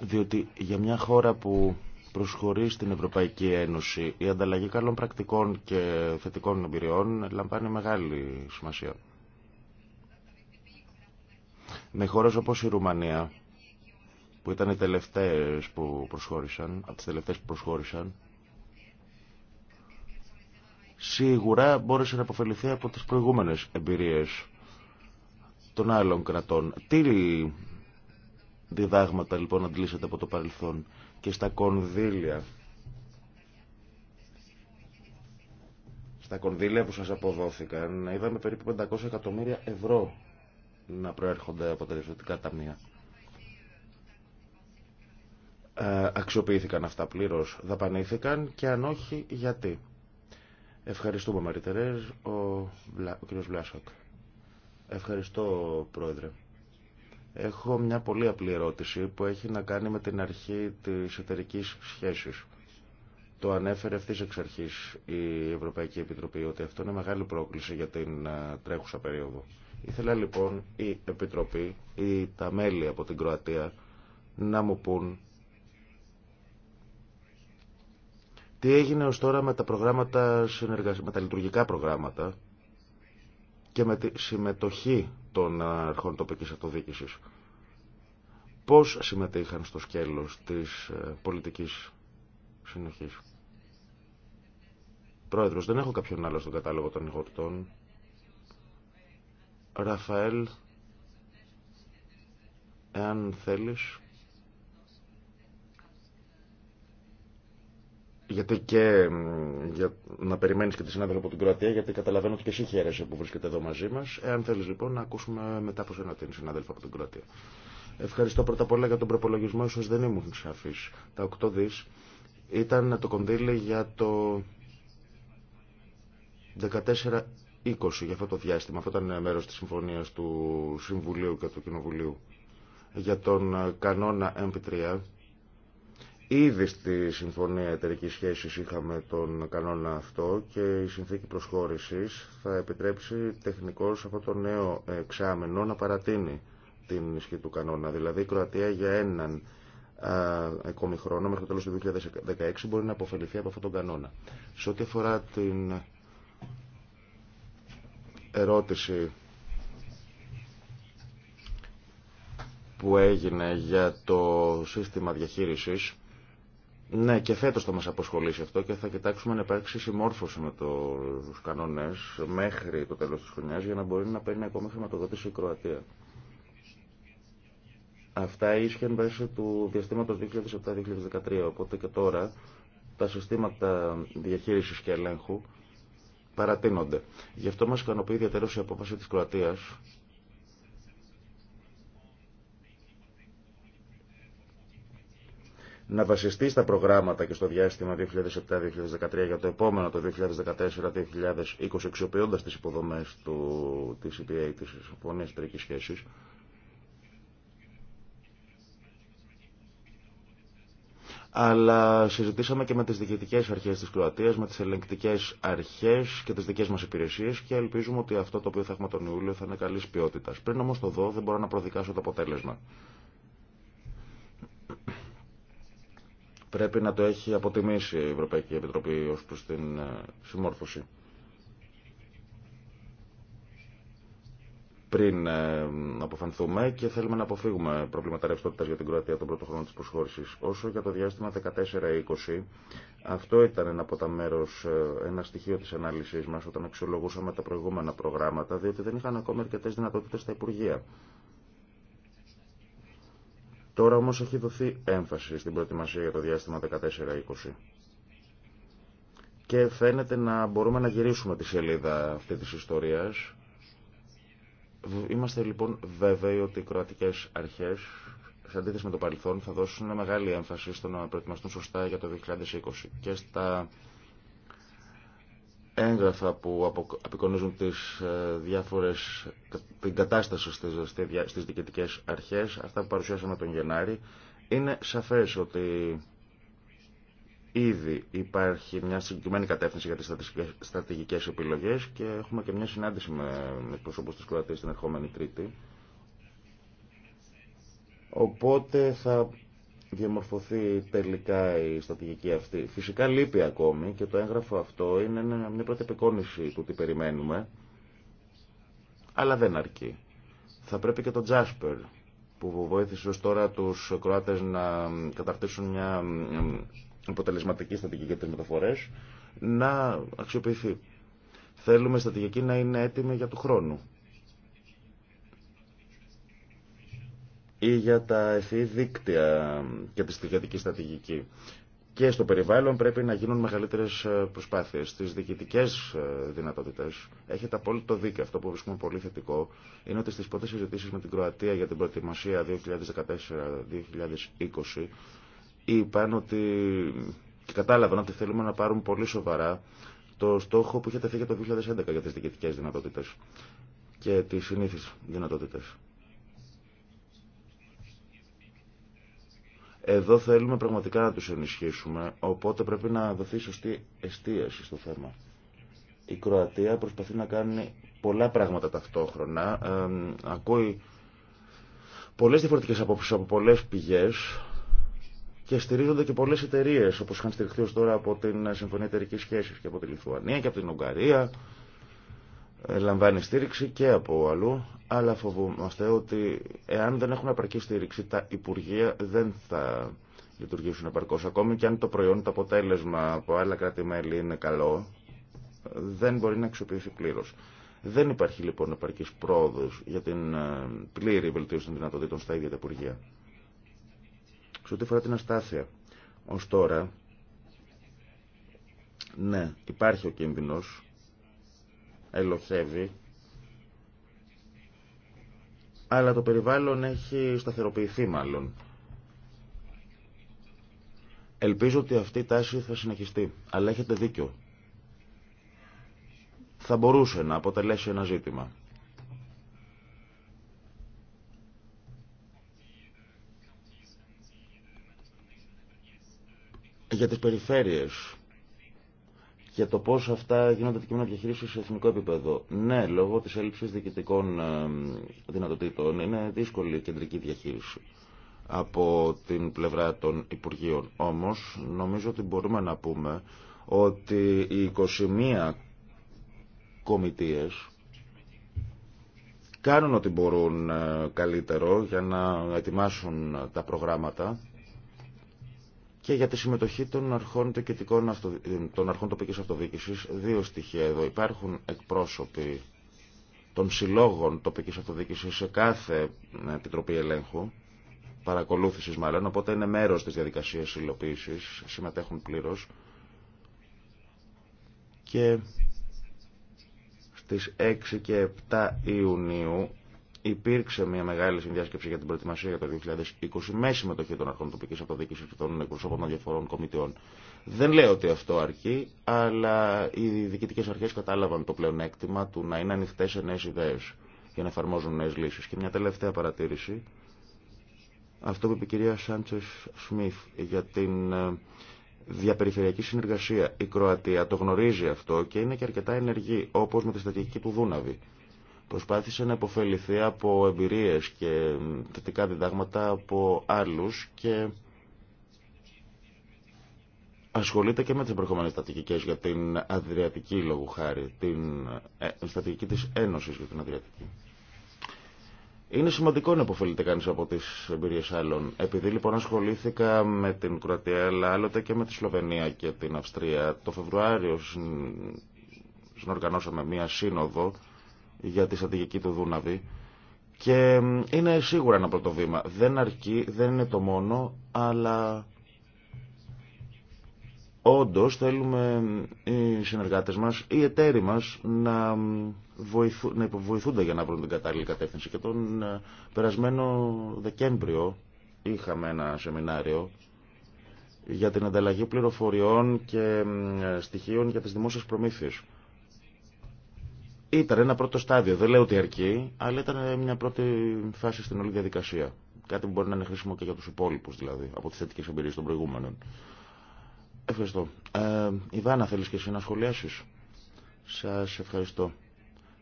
Διότι για μια χώρα που προσχωρεί στην Ευρωπαϊκή Ένωση, η ανταλλαγή καλών πρακτικών και θετικών εμπειριών λαμβάνει μεγάλη σημασία. Με χώρες όπως η Ρουμανία, που ήταν οι τελευταίες που προσχώρησαν, από τις τελευταίες που προσχώρησαν, σίγουρα μπόρεσε να αποφεληθεί από τις προηγούμενες εμπειρίες των άλλων κρατών. Τι διδάγματα λοιπόν αντλήσατε από το παρελθόν και στα κονδύλια. Στα κονδύλια που σας αποδόθηκαν είδαμε περίπου 500 εκατομμύρια ευρώ να προέρχονται από τα διευθυντικά ταμεία. Ε, αξιοποιήθηκαν αυτά πλήρως, δαπανήθηκαν και αν όχι γιατί. Ευχαριστούμε Μαριτερέ, ο, ο κ. Ευχαριστώ Πρόεδρε. Έχω μια πολύ απλή ερώτηση που έχει να κάνει με την αρχή της εταιρική σχέσης. Το ανέφερε ευθύ εξ αρχή η Ευρωπαϊκή Επιτροπή ότι αυτό είναι μεγάλη πρόκληση για την τρέχουσα περίοδο. Ήθελα λοιπόν η Επιτροπή ή τα μέλη από την Κροατία να μου πούν Τι έγινε ως τώρα με τα, προγράμματα, με τα λειτουργικά προγράμματα και με τη συμμετοχή των αρχών τοπικής αυτοδιοίκησης. Πώς συμμετείχαν στο σκέλος της ε, πολιτικής συνοχής. Πρόεδρος, δεν έχω κάποιον άλλο στον κατάλογο των ηγορτών. Ραφαέλ, εάν θέλεις, γιατί και για να περιμένεις και τη συνάδελφα από την Κροατία, γιατί καταλαβαίνω ότι και εσύ χαίρεσαι που βρίσκεται εδώ μαζί μας. Εάν θέλεις λοιπόν να ακούσουμε μετά από σένα την συνάδελφα από την Κροατία. Ευχαριστώ πρώτα απ' όλα για τον προπολογισμό, ίσως δεν ήμουν σαφής. Τα 8 δις ήταν το κονδύλι για το 14-20, για αυτό το διάστημα. Αυτό ήταν μέρος της συμφωνίας του Συμβουλίου και του Κοινοβουλίου για τον κανόνα MP3 Ήδη στη Συμφωνία Εταιρική Σχέση είχαμε τον κανόνα αυτό και η συνθήκη προσχώρηση θα επιτρέψει τεχνικώ αυτό το νέο εξάμενο να παρατείνει την ισχύ του κανόνα. Δηλαδή η Κροατία για έναν ακόμη χρόνο μέχρι το τέλο του 2016 μπορεί να αποφεληθεί από αυτόν τον κανόνα. Σε ό,τι αφορά την ερώτηση που έγινε για το σύστημα διαχείρισης ναι, και φέτος θα μα αποσχολήσει αυτό και θα κοιτάξουμε να υπάρξει συμμόρφωση με του κανονέ μέχρι το τέλος της χρονιάς για να μπορεί να παίρνει ακόμα χρηματοδότηση η Κροατία. Αυτά ίσχυαν μέσα του διαστηματο 2007 2007-2013, οπότε και τώρα τα συστήματα διαχείρισης και ελέγχου παρατείνονται. Γι' αυτό μας ικανοποιεί ιδιαίτερω η απόφαση τη Κροατία. να βασιστεί στα προγράμματα και στο διάστημα 2007-2013 για το επόμενο το 2014-2020 αξιοποιώντα τις υποδομές του, της τη e της Συμφωνίας Τρικής Σχέσης αλλά συζητήσαμε και με τις διοικητικές αρχές της Κροατίας, με τις ελεγκτικές αρχές και τις δικές μας υπηρεσίες και ελπίζουμε ότι αυτό το οποίο θα έχουμε τον Ιούλιο θα είναι καλής ποιότητας. Πριν όμως το δω δεν μπορώ να προδικάσω το αποτέλεσμα. Πρέπει να το έχει αποτιμήσει η Ευρωπαϊκή Επιτροπή ως προς την ε, συμμόρφωση. πριν ε, αποφανθούμε και θέλουμε να αποφύγουμε προβλήματα ρευστότητα για την Κροατία τον πρώτο χρόνο τη προσχώρηση. Όσο για το διάστημα 14-20, αυτό ήταν ένα από τα ε, ένα στοιχείο τη ανάλυση μα όταν αξιολογούσαμε τα προηγούμενα προγράμματα, διότι δεν είχαν ακόμα αρκετέ δυνατότητε στα Υπουργεία. Τώρα όμως έχει δοθεί έμφαση στην προετοιμασία για το διάστημα 14-20. Και φαίνεται να μπορούμε να γυρίσουμε τη σελίδα αυτή της ιστορίας. Είμαστε λοιπόν βέβαιοι ότι οι κροατικές αρχές, σε αντίθεση με το παρελθόν, θα δώσουν μεγάλη έμφαση στο να προετοιμαστούν σωστά για το 2020 και στα έγγραφα που απεικονίζουν τις ε, διάφορες, την κατάσταση στις, στις διοικητικές αρχές, αυτά που παρουσιάσαμε τον Γενάρη, είναι σαφές ότι ήδη υπάρχει μια συγκεκριμένη κατεύθυνση για τις στρατηγικές επιλογές και έχουμε και μια συνάντηση με προσώπους της Κροατίας την ερχόμενη Τρίτη. Οπότε θα διαμορφωθεί τελικά η στρατηγική αυτή. Φυσικά λείπει ακόμη και το έγγραφο αυτό είναι μια πρώτη επικόνηση του τι περιμένουμε, αλλά δεν αρκεί. Θα πρέπει και το Τζάσπερ που βοήθησε ως τώρα τους Κροάτες να καταρτήσουν μια αποτελεσματική στρατηγική για τις μεταφορές, να αξιοποιηθεί. Θέλουμε η στρατηγική να είναι έτοιμη για του χρόνου. ή για τα ευθύ δίκτυα και τη στοιχειατική στρατηγική. Και στο περιβάλλον πρέπει να γίνουν μεγαλύτερε προσπάθειε. Στι διοικητικέ ε, δυνατότητε έχετε απόλυτο δίκιο. Αυτό που βρίσκουμε πολύ θετικό είναι ότι στι πρώτε συζητήσει με την Κροατία για την προετοιμασία 2014-2020 είπαν ότι και κατάλαβαν ότι θέλουμε να πάρουν πολύ σοβαρά το στόχο που είχε τεθεί για το 2011 για τι διοικητικέ δυνατότητε και τι συνήθει δυνατότητε. Εδώ θέλουμε πραγματικά να τους ενισχύσουμε, οπότε πρέπει να δοθεί σωστή εστίαση στο θέμα. Η Κροατία προσπαθεί να κάνει πολλά πράγματα ταυτόχρονα. ακούει πολλές διαφορετικές απόψεις από πολλές πηγές και στηρίζονται και πολλές εταιρείε, όπως είχαν στηριχθεί ως τώρα από την Συμφωνία Εταιρικής Σχέσης και από τη Λιθουανία και από την Ουγγαρία ε, λαμβάνει στήριξη και από αλλού, αλλά φοβούμαστε ότι εάν δεν έχουν απαρκή στήριξη τα Υπουργεία δεν θα λειτουργήσουν απαρκώς. Ακόμη και αν το προϊόν, το αποτέλεσμα από άλλα κράτη-μέλη είναι καλό, δεν μπορεί να αξιοποιήσει πλήρω. Δεν υπάρχει λοιπόν επαρκή πρόοδο για την ε, πλήρη βελτίωση των δυνατοτήτων στα ίδια τα Υπουργεία. Σε ό,τι αφορά την αστάθεια, ω τώρα, ναι, υπάρχει ο κίνδυνος ελοχεύει, αλλά το περιβάλλον έχει σταθεροποιηθεί μάλλον. Ελπίζω ότι αυτή η τάση θα συνεχιστεί, αλλά έχετε δίκιο. Θα μπορούσε να αποτελέσει ένα ζήτημα. Για τις περιφέρειες για το πώς αυτά γίνονται αντικείμενα διαχείριση σε εθνικό επίπεδο. Ναι, λόγω της έλλειψης διοικητικών δυνατοτήτων είναι δύσκολη η κεντρική διαχείριση από την πλευρά των Υπουργείων. Όμως, νομίζω ότι μπορούμε να πούμε ότι οι 21 κομιτείες κάνουν ό,τι μπορούν ε, καλύτερο για να ετοιμάσουν τα προγράμματα και για τη συμμετοχή των αρχών, των αρχών τοπικής αυτοδιοίκησης. Δύο στοιχεία εδώ. Υπάρχουν εκπρόσωποι των συλλόγων τοπικής αυτοδιοίκησης σε κάθε ε, επιτροπή ελέγχου, παρακολούθησης μάλλον, οπότε είναι μέρος της διαδικασίας υλοποίησης, συμμετέχουν πλήρως. Και στις 6 και 7 Ιουνίου υπήρξε μια μεγάλη συνδιάσκεψη για την προετοιμασία για το 2020 με συμμετοχή των αρχών τοπική αυτοδιοίκηση και των εκπροσώπων των διαφορών κομιτεών. Δεν λέω ότι αυτό αρκεί, αλλά οι διοικητικέ αρχέ κατάλαβαν το πλεονέκτημα του να είναι ανοιχτέ σε νέε ιδέε και να εφαρμόζουν νέε λύσει. Και μια τελευταία παρατήρηση. Αυτό που είπε η κυρία Σάντσε Σμιθ για την ε, διαπεριφερειακή συνεργασία. Η Κροατία το γνωρίζει αυτό και είναι και αρκετά ενεργή, όπω με τη στρατηγική του Δούναβη. Προσπάθησε να υποφεληθεί από εμπειρίες και θετικά διδάγματα από άλλους και ασχολείται και με τις προηγούμενες στατικικές για την Αδριατική λόγου χάρη, την ε, στατική της Ένωσης για την Αδριατική. Είναι σημαντικό να υποφελείται κανείς από τις εμπειρίες άλλων. Επειδή λοιπόν ασχολήθηκα με την Κροατία, αλλά άλλοτε και με τη Σλοβενία και την Αυστρία, το Φεβρουάριο συνοργανώσαμε μία σύνοδο για τη στρατηγική του Δούναβη και είναι σίγουρα ένα πρώτο βήμα. Δεν αρκεί, δεν είναι το μόνο, αλλά όντω θέλουμε οι συνεργάτε μα, οι εταίροι μα να, να υποβοηθούνται για να βρουν την κατάλληλη κατεύθυνση. Και τον ε, περασμένο Δεκέμβριο είχαμε ένα σεμινάριο για την ανταλλαγή πληροφοριών και στοιχείων για τις δημόσιες προμήθειες. Ήταν ένα πρώτο στάδιο, δεν λέω ότι αρκεί, αλλά ήταν μια πρώτη φάση στην όλη διαδικασία. Κάτι που μπορεί να είναι χρήσιμο και για του υπόλοιπου, δηλαδή, από τι θετικέ εμπειρίε των προηγούμενων. Ευχαριστώ. Ε, Ιβάνα, θέλει και εσύ να σχολιάσεις. Σα ευχαριστώ.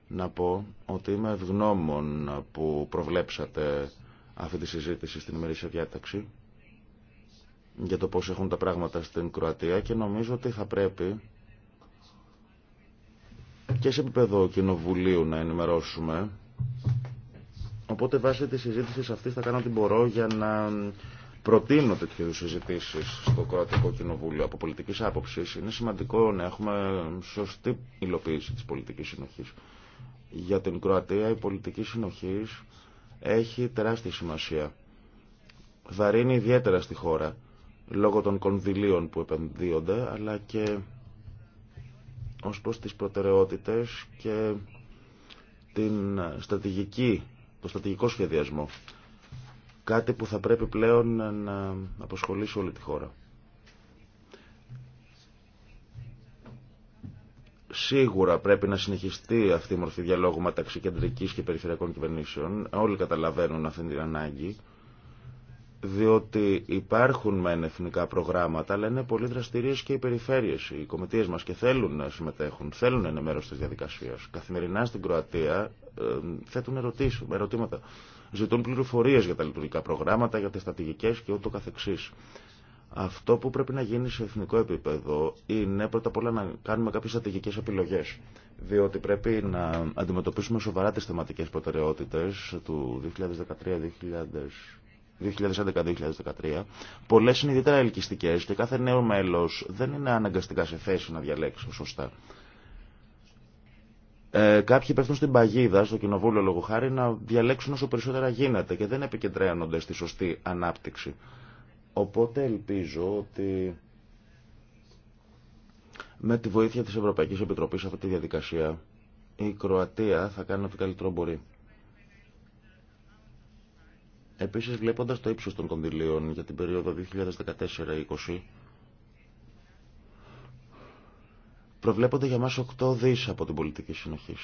Να πω ότι είμαι ευγνώμων που προβλέψατε αυτή τη συζήτηση στην ημερήσια διάταξη για το πώς έχουν τα πράγματα στην Κροατία και νομίζω ότι θα πρέπει και σε επίπεδο κοινοβουλίου να ενημερώσουμε. Οπότε βάσει τη συζήτηση αυτή θα κάνω ό,τι μπορώ για να προτείνω τέτοιου συζητήσει στο Κροατικό Κοινοβούλιο. Από πολιτική άποψη είναι σημαντικό να έχουμε σωστή υλοποίηση τη πολιτική συνοχή. Για την Κροατία η πολιτική συνοχή έχει τεράστια σημασία. Βαρύνει ιδιαίτερα στη χώρα λόγω των κονδυλίων που επενδύονται αλλά και ως προς τις προτεραιότητες και την στρατηγική, το στρατηγικό σχεδιασμό. Κάτι που θα πρέπει πλέον να αποσχολήσει όλη τη χώρα. Σίγουρα πρέπει να συνεχιστεί αυτή η μορφή διαλόγου μεταξύ κεντρικής και περιφερειακών κυβερνήσεων. Όλοι καταλαβαίνουν αυτή την ανάγκη διότι υπάρχουν μεν εθνικά προγράμματα, αλλά είναι πολύ δραστηρίε και οι περιφέρειε, οι κομιτείε μα και θέλουν να συμμετέχουν, θέλουν να είναι μέρο τη διαδικασία. Καθημερινά στην Κροατία ε, θέτουν ερωτήσεις, ερωτήματα. Ζητούν πληροφορίε για τα λειτουργικά προγράμματα, για τι στρατηγικέ και ούτω καθεξή. Αυτό που πρέπει να γίνει σε εθνικό επίπεδο είναι πρώτα απ' όλα να κάνουμε κάποιε στρατηγικέ επιλογέ. Διότι πρέπει να αντιμετωπίσουμε σοβαρά τι θεματικέ προτεραιότητε του 2013-2020 2011-2013, πολλές είναι ιδιαίτερα ελκυστικέ και κάθε νέο μέλος δεν είναι αναγκαστικά σε θέση να διαλέξει σωστά. Ε, κάποιοι πέφτουν στην παγίδα, στο κοινοβούλιο λόγω χάρη, να διαλέξουν όσο περισσότερα γίνεται και δεν επικεντρώνονται στη σωστή ανάπτυξη. Οπότε ελπίζω ότι με τη βοήθεια της Ευρωπαϊκής Επιτροπής σε αυτή τη διαδικασία η Κροατία θα κάνει ό,τι καλύτερο μπορεί. Επίσης βλέποντας το ύψος των κονδυλίων για την περίοδο 2014-2020 προβλέπονται για μας 8 δις από την πολιτική συνοχή.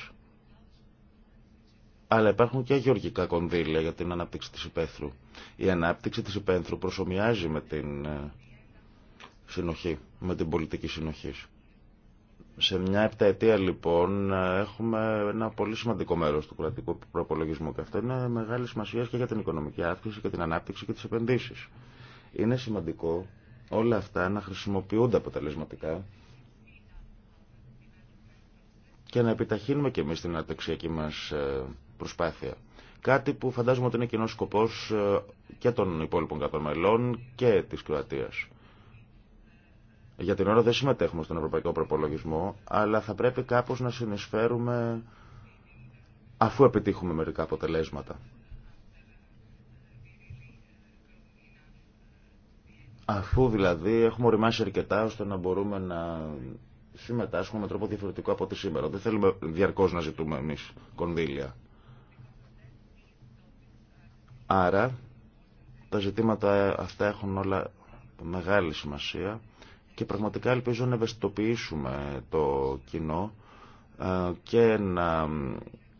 Αλλά υπάρχουν και γεωργικά κονδύλια για την ανάπτυξη της υπαίθρου. Η ανάπτυξη της υπαίθρου προσωμιάζει με την ε, συνοχή, με την πολιτική συνοχή. Σε μια επταετία λοιπόν έχουμε ένα πολύ σημαντικό μέρος του κρατικού προπολογισμού και αυτό είναι μεγάλη σημασία και για την οικονομική αύξηση και την ανάπτυξη και τις επενδύσεις. Είναι σημαντικό όλα αυτά να χρησιμοποιούνται αποτελεσματικά και να επιταχύνουμε και εμείς την ανταξιακή μας ε, προσπάθεια. Κάτι που φαντάζομαι ότι είναι κοινό σκοπός ε, και των υπόλοιπων κατομελών και της Κροατίας. Για την ώρα δεν συμμετέχουμε στον ευρωπαϊκό προπολογισμό, αλλά θα πρέπει κάπως να συνεισφέρουμε αφού επιτύχουμε μερικά αποτελέσματα. Αφού δηλαδή έχουμε οριμάσει αρκετά ώστε να μπορούμε να συμμετάσχουμε με τρόπο διαφορετικό από ό,τι σήμερα. Δεν θέλουμε διαρκώς να ζητούμε εμείς κονδύλια. Άρα τα ζητήματα αυτά έχουν όλα μεγάλη σημασία και πραγματικά ελπίζω να ευαισθητοποιήσουμε το κοινό ε, και να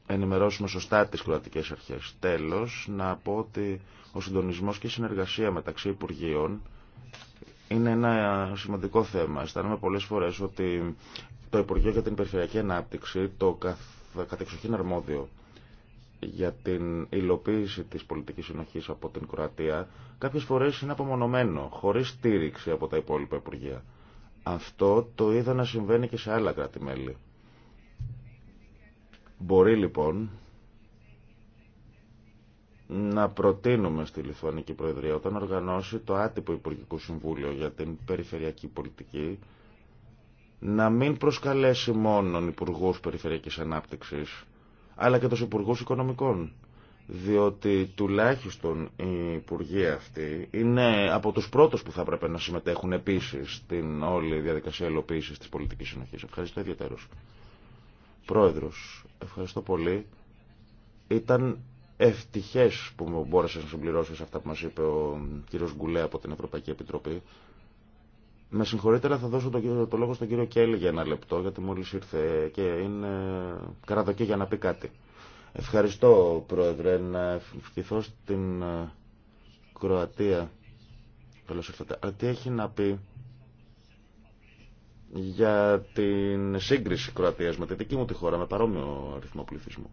ενημερώσουμε σωστά τις κρατικές αρχές. Τέλος, να πω ότι ο συντονισμός και η συνεργασία μεταξύ Υπουργείων είναι ένα σημαντικό θέμα. Αισθάνομαι πολλές φορές ότι το Υπουργείο για την Περιφερειακή Ανάπτυξη, το κατεξοχήν αρμόδιο για την υλοποίηση της πολιτικής συνοχής από την Κροατία κάποιες φορές είναι απομονωμένο, χωρίς στήριξη από τα υπόλοιπα Υπουργεία. Αυτό το είδα να συμβαίνει και σε άλλα κράτη-μέλη. Μπορεί λοιπόν να προτείνουμε στη Λιθουανική Προεδρία όταν οργανώσει το άτυπο Υπουργικό Συμβούλιο για την Περιφερειακή Πολιτική να μην προσκαλέσει μόνον Υπουργούς Περιφερειακής Ανάπτυξης αλλά και τους Υπουργούς Οικονομικών. Διότι τουλάχιστον οι Υπουργοί αυτοί είναι από τους πρώτους που θα έπρεπε να συμμετέχουν επίσης στην όλη διαδικασία ελοποίησης της πολιτικής συνοχής. Ευχαριστώ ιδιαίτερως. Πρόεδρος, ευχαριστώ πολύ. Ήταν ευτυχές που μπόρεσες να συμπληρώσεις αυτά που μας είπε ο κύριος Γκουλέ από την Ευρωπαϊκή Επιτροπή. Με συγχωρείτε, αλλά θα δώσω το, λόγο στον κύριο Κέλλη για ένα λεπτό, γιατί μόλις ήρθε και είναι καραδοκή για να πει κάτι. Ευχαριστώ, Πρόεδρε, να ευχηθώ στην ε, Κροατία. Καλώς ήρθατε. Αλλά τι έχει να πει για την σύγκριση Κροατίας με τη δική μου τη χώρα, με παρόμοιο αριθμό πληθυσμού.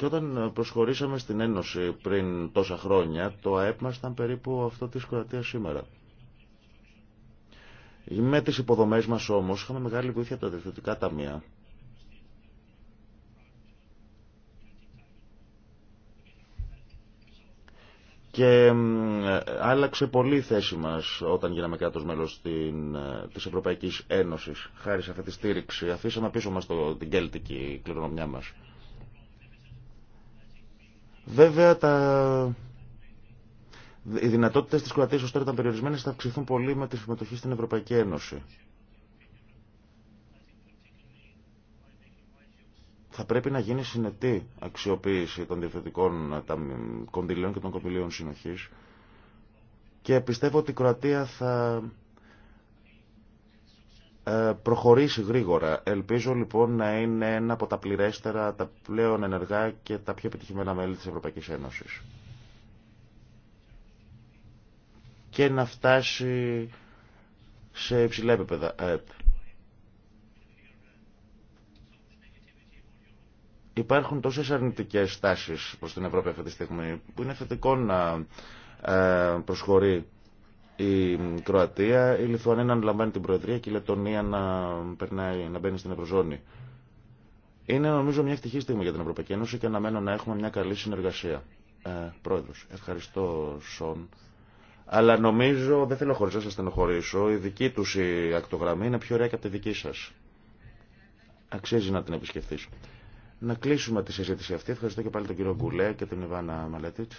Και όταν προσχωρήσαμε στην Ένωση πριν τόσα χρόνια, το ΑΕΠ μας ήταν περίπου αυτό της Κροατίας σήμερα. Με τις υποδομές μας όμως είχαμε μεγάλη βοήθεια από τα διευθυντικά ταμεία. Και άλλαξε πολύ η θέση μας όταν γίναμε κράτος μέλος ε, της Ευρωπαϊκής Ένωσης. Χάρη σε αυτή τη στήριξη αφήσαμε πίσω μας την κέλτικη κληρονομιά μας. Βέβαια, τα... οι δυνατότητε τη Κροατία ω τώρα ήταν περιορισμένε, θα αυξηθούν πολύ με τη συμμετοχή στην Ευρωπαϊκή Ένωση. Θα πρέπει να γίνει συνετή αξιοποίηση των διευθυντικών κονδυλίων και των κονδυλίων συνοχή και πιστεύω ότι η Κροατία θα ε, προχωρήσει γρήγορα. Ελπίζω λοιπόν να είναι ένα από τα πληρέστερα, τα πλέον ενεργά και τα πιο επιτυχημένα μέλη της Ευρωπαϊκής Ένωσης. Και να φτάσει σε υψηλά επίπεδα. Ε, υπάρχουν τόσες αρνητικές στάσεις προς την Ευρώπη αυτή τη στιγμή που είναι θετικό να ε, προσχωρεί η Κροατία, η Λιθουανία να αναλαμβάνει την Προεδρία και η Λετωνία να, περνάει, να μπαίνει στην Ευρωζώνη. Είναι νομίζω μια ευτυχή στιγμή για την Ευρωπαϊκή Ένωση και αναμένω να έχουμε μια καλή συνεργασία. Ε, πρόεδρος, ευχαριστώ Σον. Αλλά νομίζω, δεν θέλω χωρί να σα στενοχωρήσω, η δική του η ακτογραμμή είναι πιο ωραία και από τη δική σα. Αξίζει να την επισκεφθείς. Να κλείσουμε τη συζήτηση αυτή. Ευχαριστώ και πάλι τον κύριο Γκουλέ και την Ιβάνα Μαλέτιτ.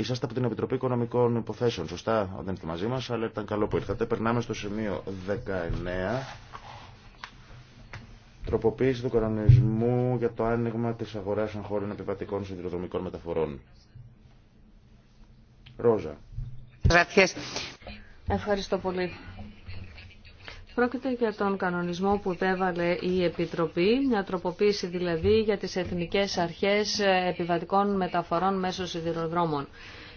Είσαστε από την Επιτροπή Οικονομικών Υποθέσεων, σωστά, δεν είστε μαζί μας, αλλά ήταν καλό που ήρθατε. Περνάμε στο σημείο 19, τροποποίηση του κανονισμού για το άνοιγμα της αγοράς των χώρων επιβατικών συνδυοδομικών μεταφορών. Ρόζα. Ευχαριστώ πολύ. Πρόκειται για τον κανονισμό που επέβαλε η Επιτροπή, μια τροποποίηση δηλαδή για τις εθνικές αρχές επιβατικών μεταφορών μέσω σιδηροδρόμων.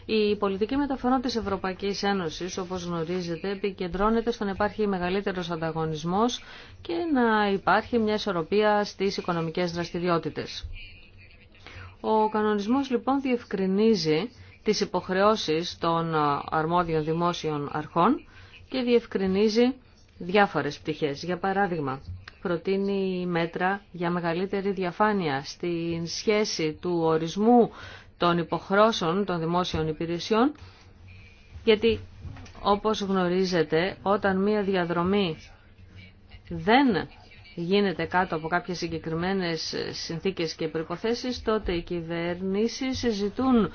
Η πολιτική μεταφορών της Ευρωπαϊκής Ένωσης, όπως γνωρίζετε, επικεντρώνεται στο να υπάρχει μεγαλύτερος ανταγωνισμός και να υπάρχει μια ισορροπία στις οικονομικές δραστηριότητες. Ο κανονισμός λοιπόν διευκρινίζει τις υποχρεώσεις των αρμόδιων δημόσιων αρχών και διευκρινίζει διάφορες πτυχές. Για παράδειγμα, προτείνει μέτρα για μεγαλύτερη διαφάνεια στην σχέση του ορισμού των υποχρώσεων των δημόσιων υπηρεσιών, γιατί όπως γνωρίζετε, όταν μία διαδρομή δεν γίνεται κάτω από κάποιες συγκεκριμένες συνθήκες και προϋποθέσεις, τότε οι κυβερνήσεις συζητούν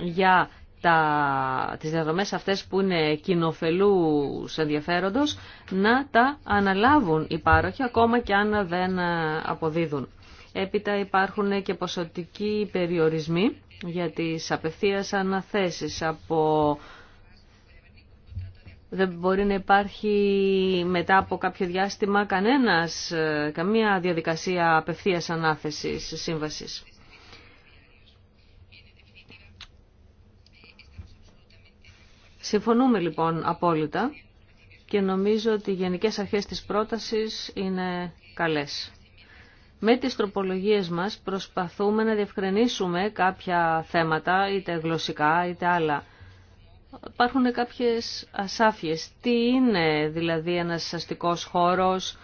για τα, τις διαδρομές αυτές που είναι κοινοφελούς ενδιαφέροντος να τα αναλάβουν οι πάροχοι ακόμα και αν δεν αποδίδουν. Έπειτα υπάρχουν και ποσοτικοί περιορισμοί για τις απευθείας αναθέσεις από... Δεν μπορεί να υπάρχει μετά από κάποιο διάστημα κανένας, καμία διαδικασία απευθείας ανάθεσης σύμβασης. Συμφωνούμε λοιπόν απόλυτα και νομίζω ότι οι γενικές αρχές της πρότασης είναι καλές. Με τις τροπολογίες μας προσπαθούμε να διευκρινίσουμε κάποια θέματα, είτε γλωσσικά είτε άλλα. Υπάρχουν κάποιες ασάφειες. Τι είναι δηλαδή ένας αστικός χώρος.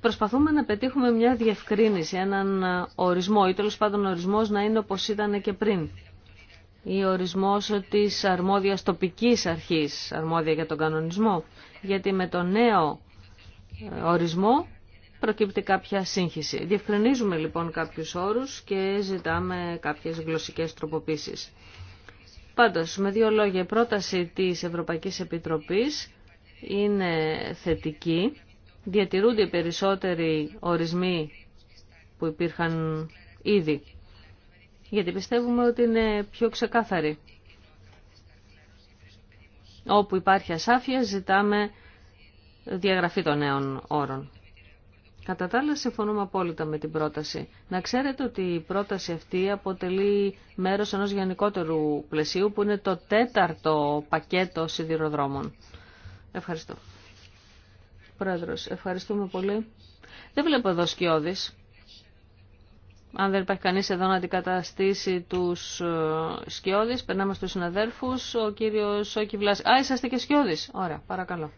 Προσπαθούμε να πετύχουμε μια διευκρίνηση, έναν ορισμό ή τέλος πάντων ορισμός να είναι όπως ήταν και πριν ή ορισμός της αρμόδιας τοπικής αρχής, αρμόδια για τον κανονισμό, γιατί με τον νέο ε, ορισμό προκύπτει κάποια σύγχυση. Διευκρινίζουμε λοιπόν κάποιους όρους και ζητάμε κάποιες γλωσσικές τροποποίησεις. Πάντως, με δύο λόγια, η πρόταση της Ευρωπαϊκής Επιτροπής είναι θετική. Διατηρούνται οι περισσότεροι ορισμοί που υπήρχαν ήδη γιατί πιστεύουμε ότι είναι πιο ξεκάθαρη. Όπου υπάρχει ασάφεια ζητάμε διαγραφή των νέων όρων. Κατά τα άλλα, συμφωνούμε απόλυτα με την πρόταση. Να ξέρετε ότι η πρόταση αυτή αποτελεί μέρος ενός γενικότερου πλαισίου που είναι το τέταρτο πακέτο σιδηροδρόμων. Ευχαριστώ. Πρόεδρος, ευχαριστούμε πολύ. Δεν βλέπω εδώ σκιώδης αν δεν υπάρχει κανείς εδώ να αντικαταστήσει τους ε, Σκιώδης, περνάμε στους συναδέλφους. Ο κύριος Σόκη Βλάση. Α, είσαστε και Σκιώδης. Ωραία, παρακαλώ.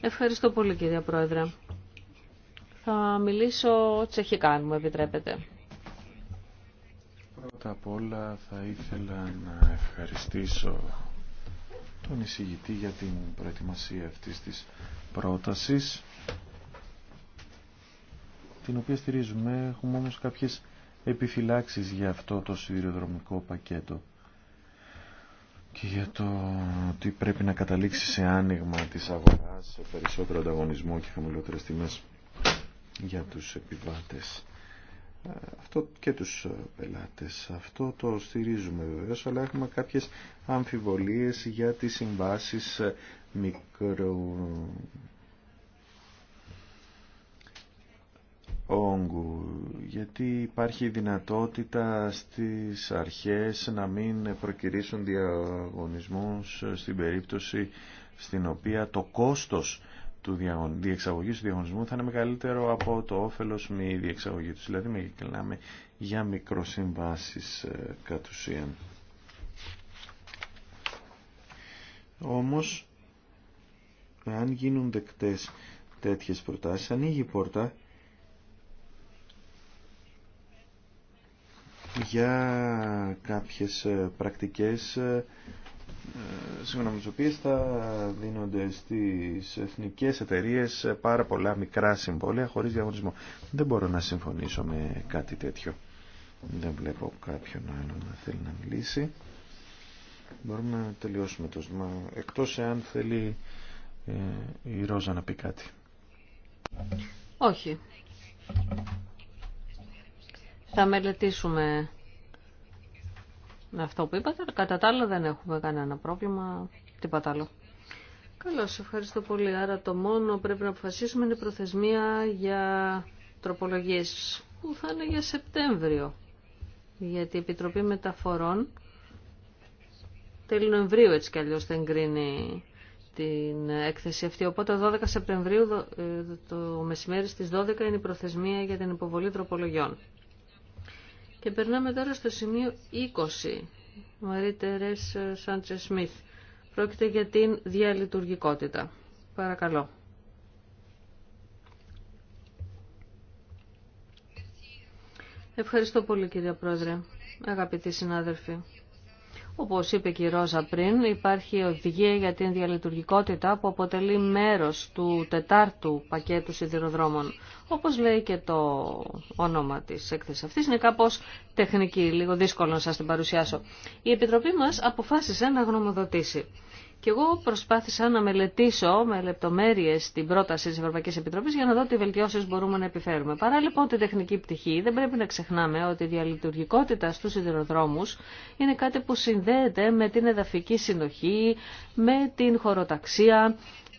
Ευχαριστώ πολύ κύριε Πρόεδρε. Θα μιλήσω τσεχικά, αν μου επιτρέπετε. Πρώτα απ' όλα θα ήθελα να ευχαριστήσω τον εισηγητή για την προετοιμασία αυτής της πρότασης την οποία στηρίζουμε. Έχουμε όμως κάποιες επιφυλάξεις για αυτό το σιδηροδρομικό πακέτο και για το ότι πρέπει να καταλήξει σε άνοιγμα της αγοράς, σε περισσότερο ανταγωνισμό και χαμηλότερες τιμές για τους επιβάτες. Ε, αυτό και τους ε, πελάτες. Αυτό το στηρίζουμε βεβαίως, αλλά έχουμε κάποιες αμφιβολίες για τις συμβάσεις ε, μικρο όγκου γιατί υπάρχει δυνατότητα στις αρχές να μην προκυρήσουν διαγωνισμούς στην περίπτωση στην οποία το κόστος του διεξαγωγής του διαγωνισμού θα είναι μεγαλύτερο από το όφελος με διεξαγωγή του, Δηλαδή μιλάμε για μικροσυμβάσεις ε, κατ' ουσίαν. Όμως, αν γίνουν δεκτές τέτοιες προτάσεις, ανοίγει η πόρτα για κάποιες ε, πρακτικές ε, ε, σύμφωνα με τις οποίες θα δίνονται στις εθνικές εταιρείες πάρα πολλά μικρά συμβόλαια χωρίς διαγωνισμό. Δεν μπορώ να συμφωνήσω με κάτι τέτοιο. Δεν βλέπω κάποιον άλλο να θέλει να μιλήσει. Μπορούμε να τελειώσουμε το ζήτημα. Εκτός εάν θέλει η Ρόζα να πει κάτι. Όχι. Θα μελετήσουμε αυτό που είπατε. Κατά τα άλλα δεν έχουμε κανένα πρόβλημα, τίποτα άλλο. Καλώς, ευχαριστώ πολύ. Άρα το μόνο πρέπει να αποφασίσουμε είναι προθεσμία για τροπολογίες που θα είναι για Σεπτέμβριο. Γιατί η Επιτροπή Μεταφορών τέλει Νοεμβρίου έτσι κι αλλιώς δεν κρίνει την έκθεση αυτή. Οπότε 12 Σεπτεμβρίου ε, το μεσημέρι στις 12 είναι η προθεσμία για την υποβολή τροπολογιών. Και περνάμε τώρα στο σημείο 20. Μαρή Τερές Σάντσε Σμιθ. Πρόκειται για την διαλειτουργικότητα. Παρακαλώ. Ευχαριστώ πολύ κύριε Πρόεδρε, αγαπητοί συνάδελφοι. Όπως είπε και η Ρόζα πριν, υπάρχει οδηγία για την διαλειτουργικότητα που αποτελεί μέρος του τετάρτου πακέτου σιδηροδρόμων. Όπως λέει και το όνομα της έκθεσης αυτής, είναι κάπως τεχνική, λίγο δύσκολο να σας την παρουσιάσω. Η Επιτροπή μας αποφάσισε να γνωμοδοτήσει. Και εγώ προσπάθησα να μελετήσω με λεπτομέρειε την πρόταση τη Ευρωπαϊκή Επιτροπή για να δω τι βελτιώσει μπορούμε να επιφέρουμε. Παρά λοιπόν την τεχνική πτυχή, δεν πρέπει να ξεχνάμε ότι η διαλειτουργικότητα στου σιδηροδρόμου είναι κάτι που συνδέεται με την εδαφική συνοχή, με την χωροταξία,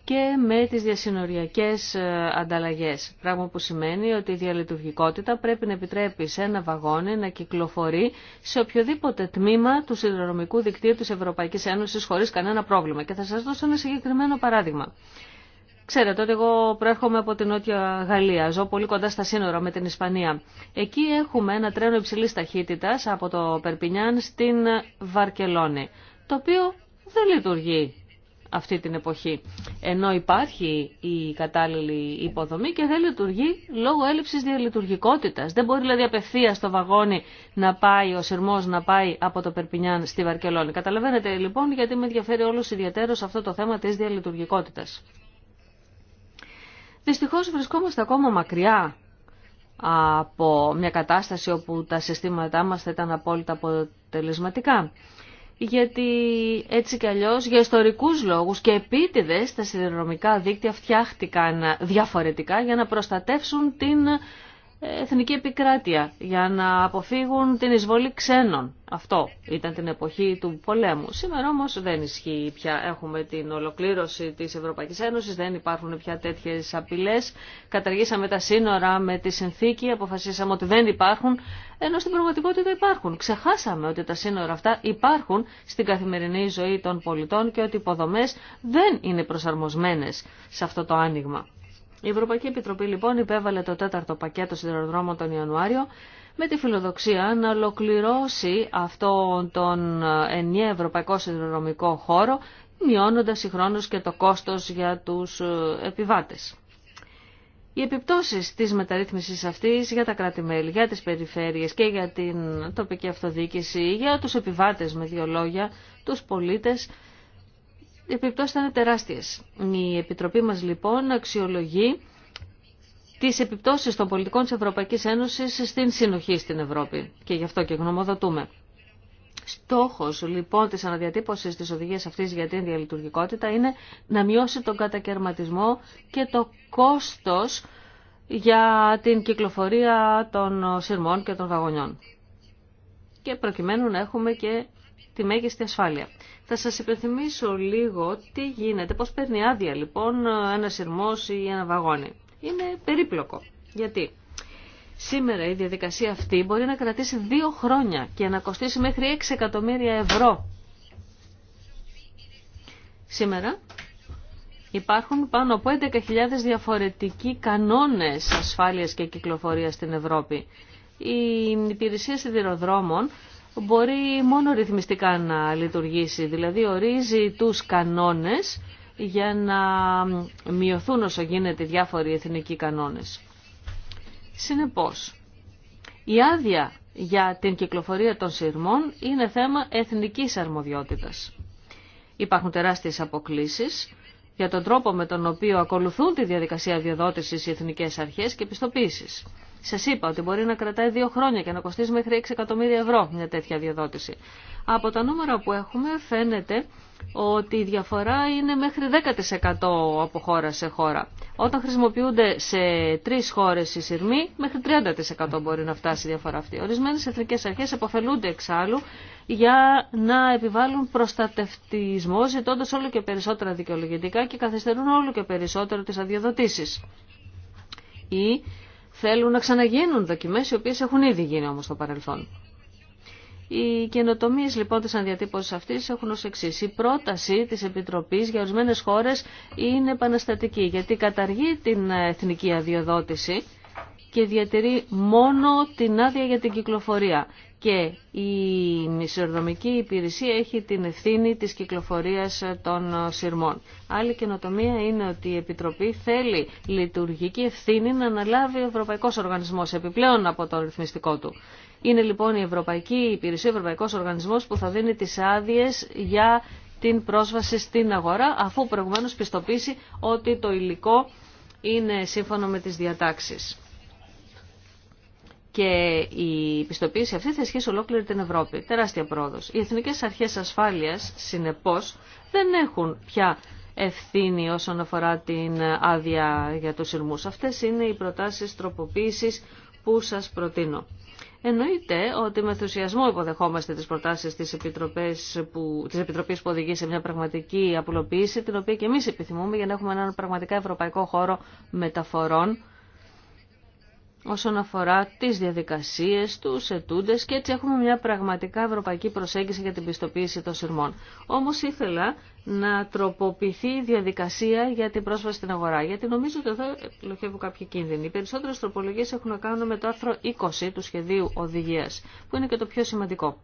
και με τις διασυνοριακές ε, ανταλλαγές. Πράγμα που σημαίνει ότι η διαλειτουργικότητα πρέπει να επιτρέπει σε ένα βαγόνι να κυκλοφορεί σε οποιοδήποτε τμήμα του συνδρομικού δικτύου της Ευρωπαϊκής Ένωσης χωρίς κανένα πρόβλημα. Και θα σας δώσω ένα συγκεκριμένο παράδειγμα. Ξέρετε ότι εγώ προέρχομαι από την Νότια Γαλλία, ζω πολύ κοντά στα σύνορα με την Ισπανία. Εκεί έχουμε ένα τρένο υψηλής ταχύτητας από το Περπινιάν στην Βαρκελόνη, το οποίο δεν λειτουργεί αυτή την εποχή. Ενώ υπάρχει η κατάλληλη υποδομή και δεν λειτουργεί λόγω έλλειψη διαλειτουργικότητα. Δεν μπορεί δηλαδή απευθεία το βαγόνι να πάει, ο σειρμό να πάει από το Περπινιάν στη Βαρκελόνη. Καταλαβαίνετε λοιπόν γιατί με ενδιαφέρει όλου ιδιαίτερο αυτό το θέμα τη διαλειτουργικότητα. Δυστυχώ βρισκόμαστε ακόμα μακριά από μια κατάσταση όπου τα συστήματά μας θα ήταν απόλυτα αποτελεσματικά γιατί έτσι κι αλλιώς για ιστορικούς λόγους και επίτηδες τα σιδηροδρομικά δίκτυα φτιάχτηκαν διαφορετικά για να προστατεύσουν την εθνική επικράτεια για να αποφύγουν την εισβολή ξένων. Αυτό ήταν την εποχή του πολέμου. Σήμερα όμως δεν ισχύει πια. Έχουμε την ολοκλήρωση της Ευρωπαϊκής Ένωσης, δεν υπάρχουν πια τέτοιες απειλές. Καταργήσαμε τα σύνορα με τη συνθήκη, αποφασίσαμε ότι δεν υπάρχουν, ενώ στην πραγματικότητα υπάρχουν. Ξεχάσαμε ότι τα σύνορα αυτά υπάρχουν στην καθημερινή ζωή των πολιτών και ότι οι υποδομές δεν είναι προσαρμοσμένες σε αυτό το άνοιγμα. Η Ευρωπαϊκή Επιτροπή λοιπόν υπέβαλε το τέταρτο πακέτο σιδηροδρόμων τον Ιανουάριο με τη φιλοδοξία να ολοκληρώσει αυτόν τον ενιαίο ευρωπαϊκό σιδηροδρομικό χώρο μειώνοντας συγχρόνως και το κόστος για τους ε, επιβάτες. Οι επιπτώσεις της μεταρρύθμισης αυτής για τα κράτη-μέλη, για τις περιφέρειες και για την τοπική αυτοδιοίκηση, για τους επιβάτες με δύο λόγια, τους πολίτες, επιπτώσεις θα είναι τεράστιες. Η Επιτροπή μας λοιπόν αξιολογεί τις επιπτώσεις των πολιτικών της Ευρωπαϊκής Ένωσης στην συνοχή στην Ευρώπη και γι' αυτό και γνωμοδοτούμε. Στόχος λοιπόν της αναδιατύπωσης της οδηγίας αυτής για την διαλειτουργικότητα είναι να μειώσει τον κατακαιρματισμό και το κόστος για την κυκλοφορία των σειρμών και των βαγονιών. Και προκειμένου να έχουμε και τη μέγιστη ασφάλεια. Θα σας υπενθυμίσω λίγο τι γίνεται, πώς παίρνει άδεια λοιπόν ένα σειρμός ή ένα βαγόνι. Είναι περίπλοκο. Γιατί σήμερα η διαδικασία αυτή μπορεί να κρατήσει δύο χρόνια και να κοστίσει μέχρι 6 εκατομμύρια ευρώ. Σήμερα υπάρχουν πάνω από 11.000 διαφορετικοί κανόνες ασφάλειας και κυκλοφορίας στην Ευρώπη. Η υπηρεσία σιδηροδρόμων μπορεί μόνο ρυθμιστικά να λειτουργήσει. Δηλαδή ορίζει τους κανόνες για να μειωθούν όσο γίνεται διάφοροι εθνικοί κανόνες. Συνεπώς, η άδεια για την κυκλοφορία των σειρμών είναι θέμα εθνικής αρμοδιότητας. Υπάρχουν τεράστιες αποκλήσεις για τον τρόπο με τον οποίο ακολουθούν τη διαδικασία διοδότησης οι εθνικές αρχές και επιστοποίησης. Σα είπα ότι μπορεί να κρατάει δύο χρόνια και να κοστίζει μέχρι 6 εκατομμύρια ευρώ μια τέτοια διαδότηση. Από τα νούμερα που έχουμε φαίνεται ότι η διαφορά είναι μέχρι 10% από χώρα σε χώρα. Όταν χρησιμοποιούνται σε τρει χώρε οι σειρμοί, μέχρι 30% μπορεί να φτάσει η διαφορά αυτή. Ορισμένε εθνικέ αρχέ αποφελούνται εξάλλου για να επιβάλλουν προστατευτισμό, ζητώντα όλο και περισσότερα δικαιολογητικά και καθυστερούν όλο και περισσότερο τι αδειοδοτήσει. Θέλουν να ξαναγίνουν δοκιμές οι οποίες έχουν ήδη γίνει όμως στο παρελθόν. Οι καινοτομίε λοιπόν τη ανδιατύπωση αυτή έχουν ω εξή. Η πρόταση τη Επιτροπής για ορισμένε χώρε είναι επαναστατική, γιατί καταργεί την εθνική αδειοδότηση και διατηρεί μόνο την άδεια για την κυκλοφορία. Και η μισορδομική υπηρεσία έχει την ευθύνη της κυκλοφορίας των σειρμών. Άλλη καινοτομία είναι ότι η Επιτροπή θέλει λειτουργική ευθύνη να αναλάβει ο Ευρωπαϊκός Οργανισμός επιπλέον από το ρυθμιστικό του. Είναι λοιπόν η Ευρωπαϊκή Υπηρεσία, ο Ευρωπαϊκός Οργανισμός που θα δίνει τις άδειε για την πρόσβαση στην αγορά αφού προηγουμένως πιστοποιήσει ότι το υλικό είναι σύμφωνο με τις διατάξεις και η πιστοποίηση αυτή θα ισχύσει ολόκληρη την Ευρώπη. Τεράστια πρόοδος. Οι εθνικές αρχές ασφάλειας, συνεπώς, δεν έχουν πια ευθύνη όσον αφορά την άδεια για τους σειρμούς. Αυτές είναι οι προτάσεις τροποποίησης που σας προτείνω. Εννοείται ότι με ενθουσιασμό υποδεχόμαστε τις προτάσεις της, Επιτροπής που, Επιτροπής που οδηγεί σε μια πραγματική απλοποίηση, την οποία και εμείς επιθυμούμε για να έχουμε έναν πραγματικά ευρωπαϊκό χώρο μεταφορών όσον αφορά τις διαδικασίες του ετούντες και έτσι έχουμε μια πραγματικά ευρωπαϊκή προσέγγιση για την πιστοποίηση των σειρμών. Όμως ήθελα να τροποποιηθεί η διαδικασία για την πρόσβαση στην αγορά, γιατί νομίζω ότι εδώ επιλογεύουν κάποιοι κίνδυνοι. Οι περισσότερες τροπολογίες έχουν να κάνουν με το άρθρο 20 του σχεδίου οδηγίας, που είναι και το πιο σημαντικό.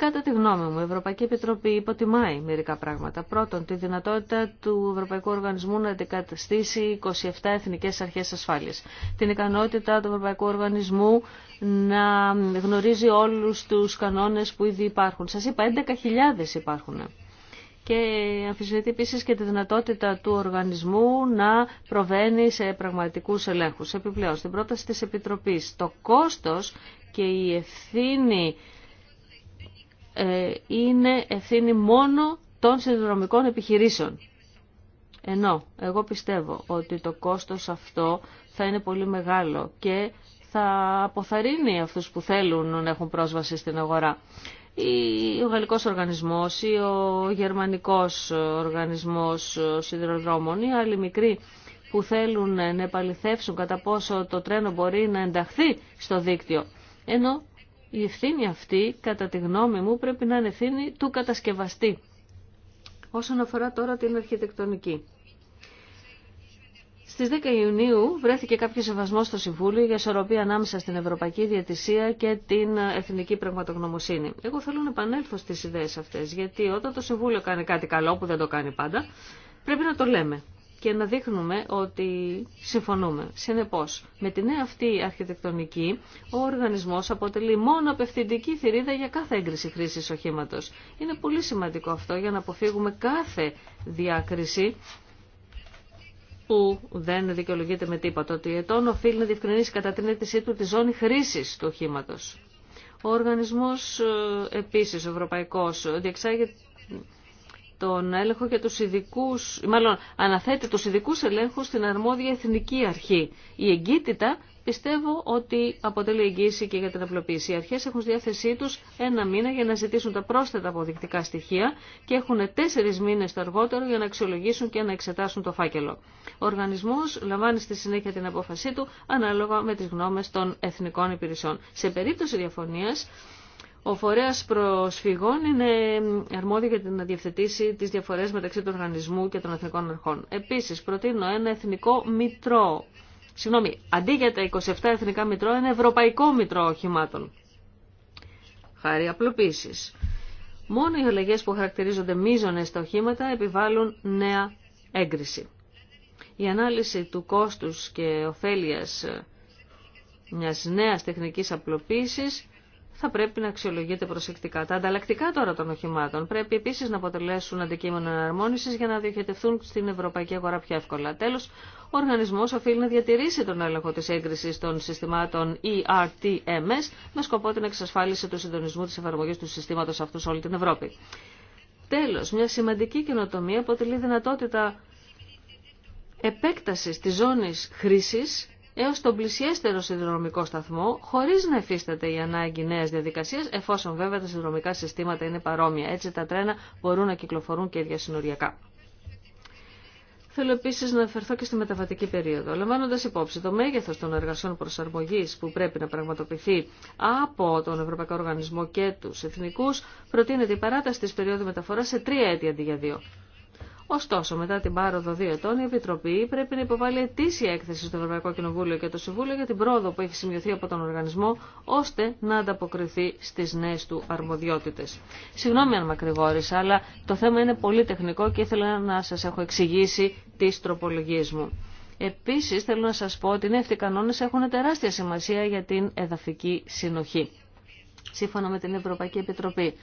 Κατά τη γνώμη μου, η Ευρωπαϊκή Επιτροπή υποτιμάει μερικά πράγματα. Πρώτον, τη δυνατότητα του Ευρωπαϊκού Οργανισμού να αντικαταστήσει 27 εθνικές αρχές ασφάλειας. Την ικανότητα του Ευρωπαϊκού Οργανισμού να γνωρίζει όλους τους κανόνες που ήδη υπάρχουν. Σας είπα, 11.000 υπάρχουν. Και αμφισβητεί επίση και τη δυνατότητα του οργανισμού να προβαίνει σε πραγματικού ελέγχου. Επιπλέον, στην πρόταση τη Επιτροπή, το κόστο και η ευθύνη ε, είναι ευθύνη μόνο των συνδρομικών επιχειρήσεων. Ενώ εγώ πιστεύω ότι το κόστος αυτό θα είναι πολύ μεγάλο και θα αποθαρρύνει αυτούς που θέλουν να έχουν πρόσβαση στην αγορά. Ο γαλλικός οργανισμός ή ο γερμανικός οργανισμός σιδηροδρόμων ή άλλοι μικροί που θέλουν να επαληθεύσουν κατά πόσο το τρένο μπορεί να ενταχθεί στο δίκτυο. Ενώ η ευθύνη αυτή, κατά τη γνώμη μου, πρέπει να είναι ευθύνη του κατασκευαστή. Όσον αφορά τώρα την αρχιτεκτονική. Στις 10 Ιουνίου βρέθηκε κάποιο σεβασμό στο Συμβούλιο για ισορροπία ανάμεσα στην Ευρωπαϊκή Διατησία και την Εθνική Πραγματογνωμοσύνη. Εγώ θέλω να επανέλθω στις ιδέες αυτές, γιατί όταν το Συμβούλιο κάνει κάτι καλό που δεν το κάνει πάντα, πρέπει να το λέμε και να δείχνουμε ότι συμφωνούμε. Συνεπώς, με τη νέα αυτή αρχιτεκτονική, ο οργανισμός αποτελεί μόνο απευθυντική θηρίδα για κάθε έγκριση χρήσης οχήματος. Είναι πολύ σημαντικό αυτό για να αποφύγουμε κάθε διάκριση που δεν δικαιολογείται με τίποτα, ότι η ΕΤΟΝ οφείλει να διευκρινίσει κατά την αίτησή του τη ζώνη χρήσης του οχήματος. Ο οργανισμός ε, επίσης, ο ευρωπαϊκός, διεξάγει τον έλεγχο για τους ειδικού, μάλλον αναθέτει τους ειδικού ελέγχους στην αρμόδια εθνική αρχή. Η εγκύτητα πιστεύω ότι αποτελεί εγγύηση και για την απλοποίηση. Οι αρχές έχουν στη διάθεσή τους ένα μήνα για να ζητήσουν τα πρόσθετα αποδεικτικά στοιχεία και έχουν τέσσερις μήνες το αργότερο για να αξιολογήσουν και να εξετάσουν το φάκελο. Ο οργανισμός λαμβάνει στη συνέχεια την απόφασή του ανάλογα με τις γνώμες των εθνικών υπηρεσιών. Σε περίπτωση διαφωνίας, ο φορέας προσφυγών είναι αρμόδιο για να διευθετήσει τις διαφορές μεταξύ του οργανισμού και των εθνικών αρχών. Επίσης, προτείνω ένα εθνικό μητρό. Συγγνώμη, αντί για τα 27 εθνικά μητρό, ένα ευρωπαϊκό μητρό οχημάτων. Χάρη απλοποίησης. Μόνο οι αλλαγέ που χαρακτηρίζονται μείζονες στα οχήματα επιβάλλουν νέα έγκριση. Η ανάλυση του κόστους και ωφέλειας μιας νέας τεχνικής απλοποίησης θα πρέπει να αξιολογείται προσεκτικά. Τα ανταλλακτικά τώρα των οχημάτων πρέπει επίση να αποτελέσουν αντικείμενο εναρμόνιση για να διοχετευθούν στην ευρωπαϊκή αγορά πιο εύκολα. Τέλο, ο οργανισμός οφείλει να διατηρήσει τον έλεγχο τη έγκριση των συστημάτων ERTMS με σκοπό την εξασφάλιση του συντονισμού τη εφαρμογή του συστήματο αυτού σε όλη την Ευρώπη. Τέλο, μια σημαντική καινοτομία αποτελεί δυνατότητα επέκταση τη ζώνη χρήση έως τον πλησιέστερο συνδρομικό σταθμό, χωρίς να εφίσταται η ανάγκη νέας διαδικασίας, εφόσον βέβαια τα συνδρομικά συστήματα είναι παρόμοια. Έτσι τα τρένα μπορούν να κυκλοφορούν και διασυνοριακά. Θέλω επίση να αφαιρθώ και στη μεταβατική περίοδο. Λαμβάνοντα υπόψη το μέγεθο των εργασιών προσαρμογή που πρέπει να πραγματοποιηθεί από τον Ευρωπαϊκό Οργανισμό και του Εθνικού, προτείνεται η παράταση τη περίοδου μεταφορά σε τρία έτη αντί για δύο. Ωστόσο, μετά την πάροδο δύο ετών, η Επιτροπή πρέπει να υποβάλει αιτήσια έκθεση στο Ευρωπαϊκό Κοινοβούλιο και το Συμβούλιο για την πρόοδο που έχει σημειωθεί από τον οργανισμό, ώστε να ανταποκριθεί στι νέε του αρμοδιότητε. Συγγνώμη αν μακρηγόρησα, αλλά το θέμα είναι πολύ τεχνικό και ήθελα να σα έχω εξηγήσει τι τροπολογίε μου. Επίση, θέλω να σα πω ότι οι αυτοί κανόνε έχουν τεράστια σημασία για την εδαφική συνοχή σύμφωνα με την Ευρωπαϊκή Επιτροπή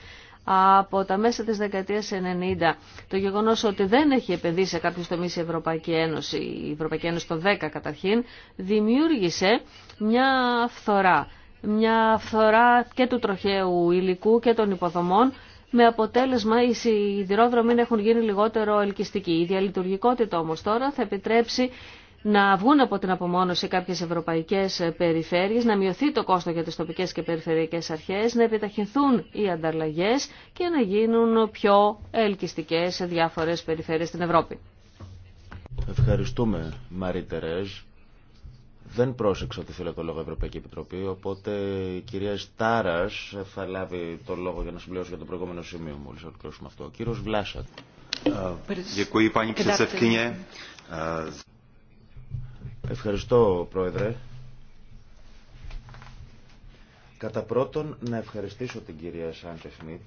από τα μέσα της δεκαετίας 90. Το γεγονός ότι δεν έχει επενδύσει σε κάποιους τομείς η Ευρωπαϊκή Ένωση, η Ευρωπαϊκή Ένωση το 10 καταρχήν, δημιούργησε μια φθορά. Μια φθορά και του τροχαίου υλικού και των υποδομών με αποτέλεσμα οι σιδηρόδρομοι να έχουν γίνει λιγότερο ελκυστικοί. Η διαλειτουργικότητα όμως τώρα θα επιτρέψει να βγουν από την απομόνωση κάποιες ευρωπαϊκές περιφέρειες, να μειωθεί το κόστο για τις τοπικές και περιφερειακές αρχές, να επιταχυνθούν οι ανταλλαγές και να γίνουν πιο ελκυστικές σε διάφορες περιφέρειες στην Ευρώπη. Ευχαριστούμε Μαρή Τερέζ. Δεν πρόσεξα ότι θέλω το λόγο Ευρωπαϊκή Επιτροπή, οπότε η κυρία Στάρα θα λάβει το λόγο για να συμπληρώσει για το προηγούμενο σημείο μόλι ολοκληρώσουμε αυτό. Ο κύριο Βλάσακ. Ευχαριστώ, Πρόεδρε. Κατά πρώτον, να ευχαριστήσω την κυρία Σάντε Σμιτ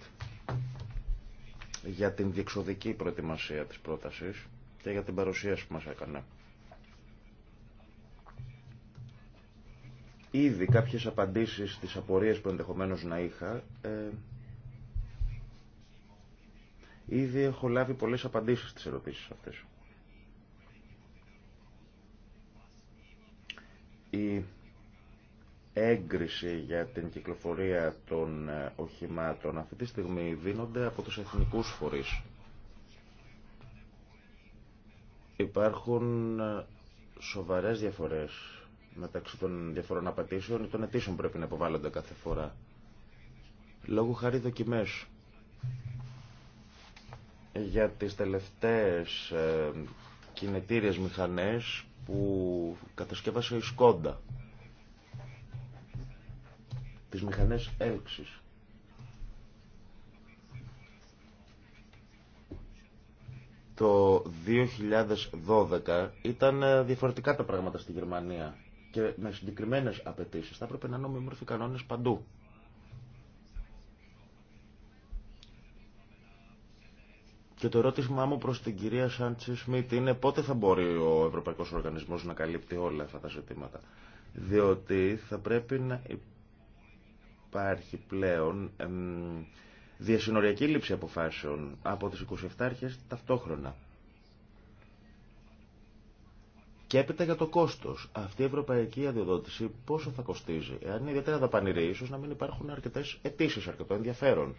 για την διεξοδική προετοιμασία της πρότασης και για την παρουσίαση που μας έκανε. Ήδη κάποιες απαντήσεις στις απορίες που ενδεχομένως να είχα, ε, ήδη έχω λάβει πολλές απαντήσεις στις ερωτήσεις αυτές. η έγκριση για την κυκλοφορία των ε, οχημάτων αυτή τη στιγμή δίνονται από τους εθνικούς φορείς. Υπάρχουν ε, σοβαρές διαφορές μεταξύ των διαφορών απαιτήσεων ή των αιτήσεων πρέπει να υποβάλλονται κάθε φορά. Λόγω χάρη δοκιμές για τις τελευταίες ε, κινητήριες μηχανές που κατασκεύασε η Σκόντα. Τις μηχανές έλξης. Το 2012 ήταν ε, διαφορετικά τα πράγματα στη Γερμανία και με συγκεκριμένες απαιτήσεις. Θα έπρεπε να νομιμορφεί κανόνες παντού. Και το ερώτημά μου προς την κυρία Σάντσι Σμιτ είναι πότε θα μπορεί ο Ευρωπαϊκός Οργανισμός να καλύπτει όλα αυτά τα ζητήματα. Διότι θα πρέπει να υπάρχει πλέον διασυνοριακή λήψη αποφάσεων από τις 27 αρχές ταυτόχρονα. Και έπειτα για το κόστο. Αυτή η ευρωπαϊκή αδειοδότηση πόσο θα κοστίζει. Εάν είναι ιδιαίτερα δαπανηρή, ίσω να μην υπάρχουν αρκετέ αιτήσει, αρκετό ενδιαφέρον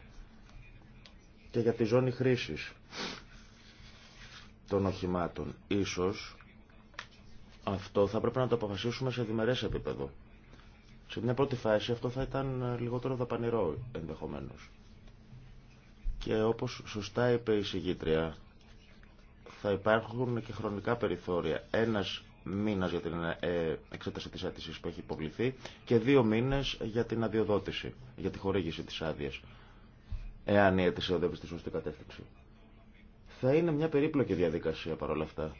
και για τη ζώνη χρήσης των οχημάτων. Ίσως αυτό θα πρέπει να το αποφασίσουμε σε διμερές επίπεδο. Σε μια πρώτη φάση αυτό θα ήταν λιγότερο δαπανηρό ενδεχομένως. Και όπως σωστά είπε η συγγήτρια, θα υπάρχουν και χρονικά περιθώρια. Ένας μήνας για την ε, εξέταση της αίτησης που έχει υποβληθεί και δύο μήνες για την αδειοδότηση, για τη χορήγηση της άδειας εάν η αίτηση οδεύει στη σωστή κατεύθυνση. Θα είναι μια περίπλοκη διαδικασία παρόλα αυτά.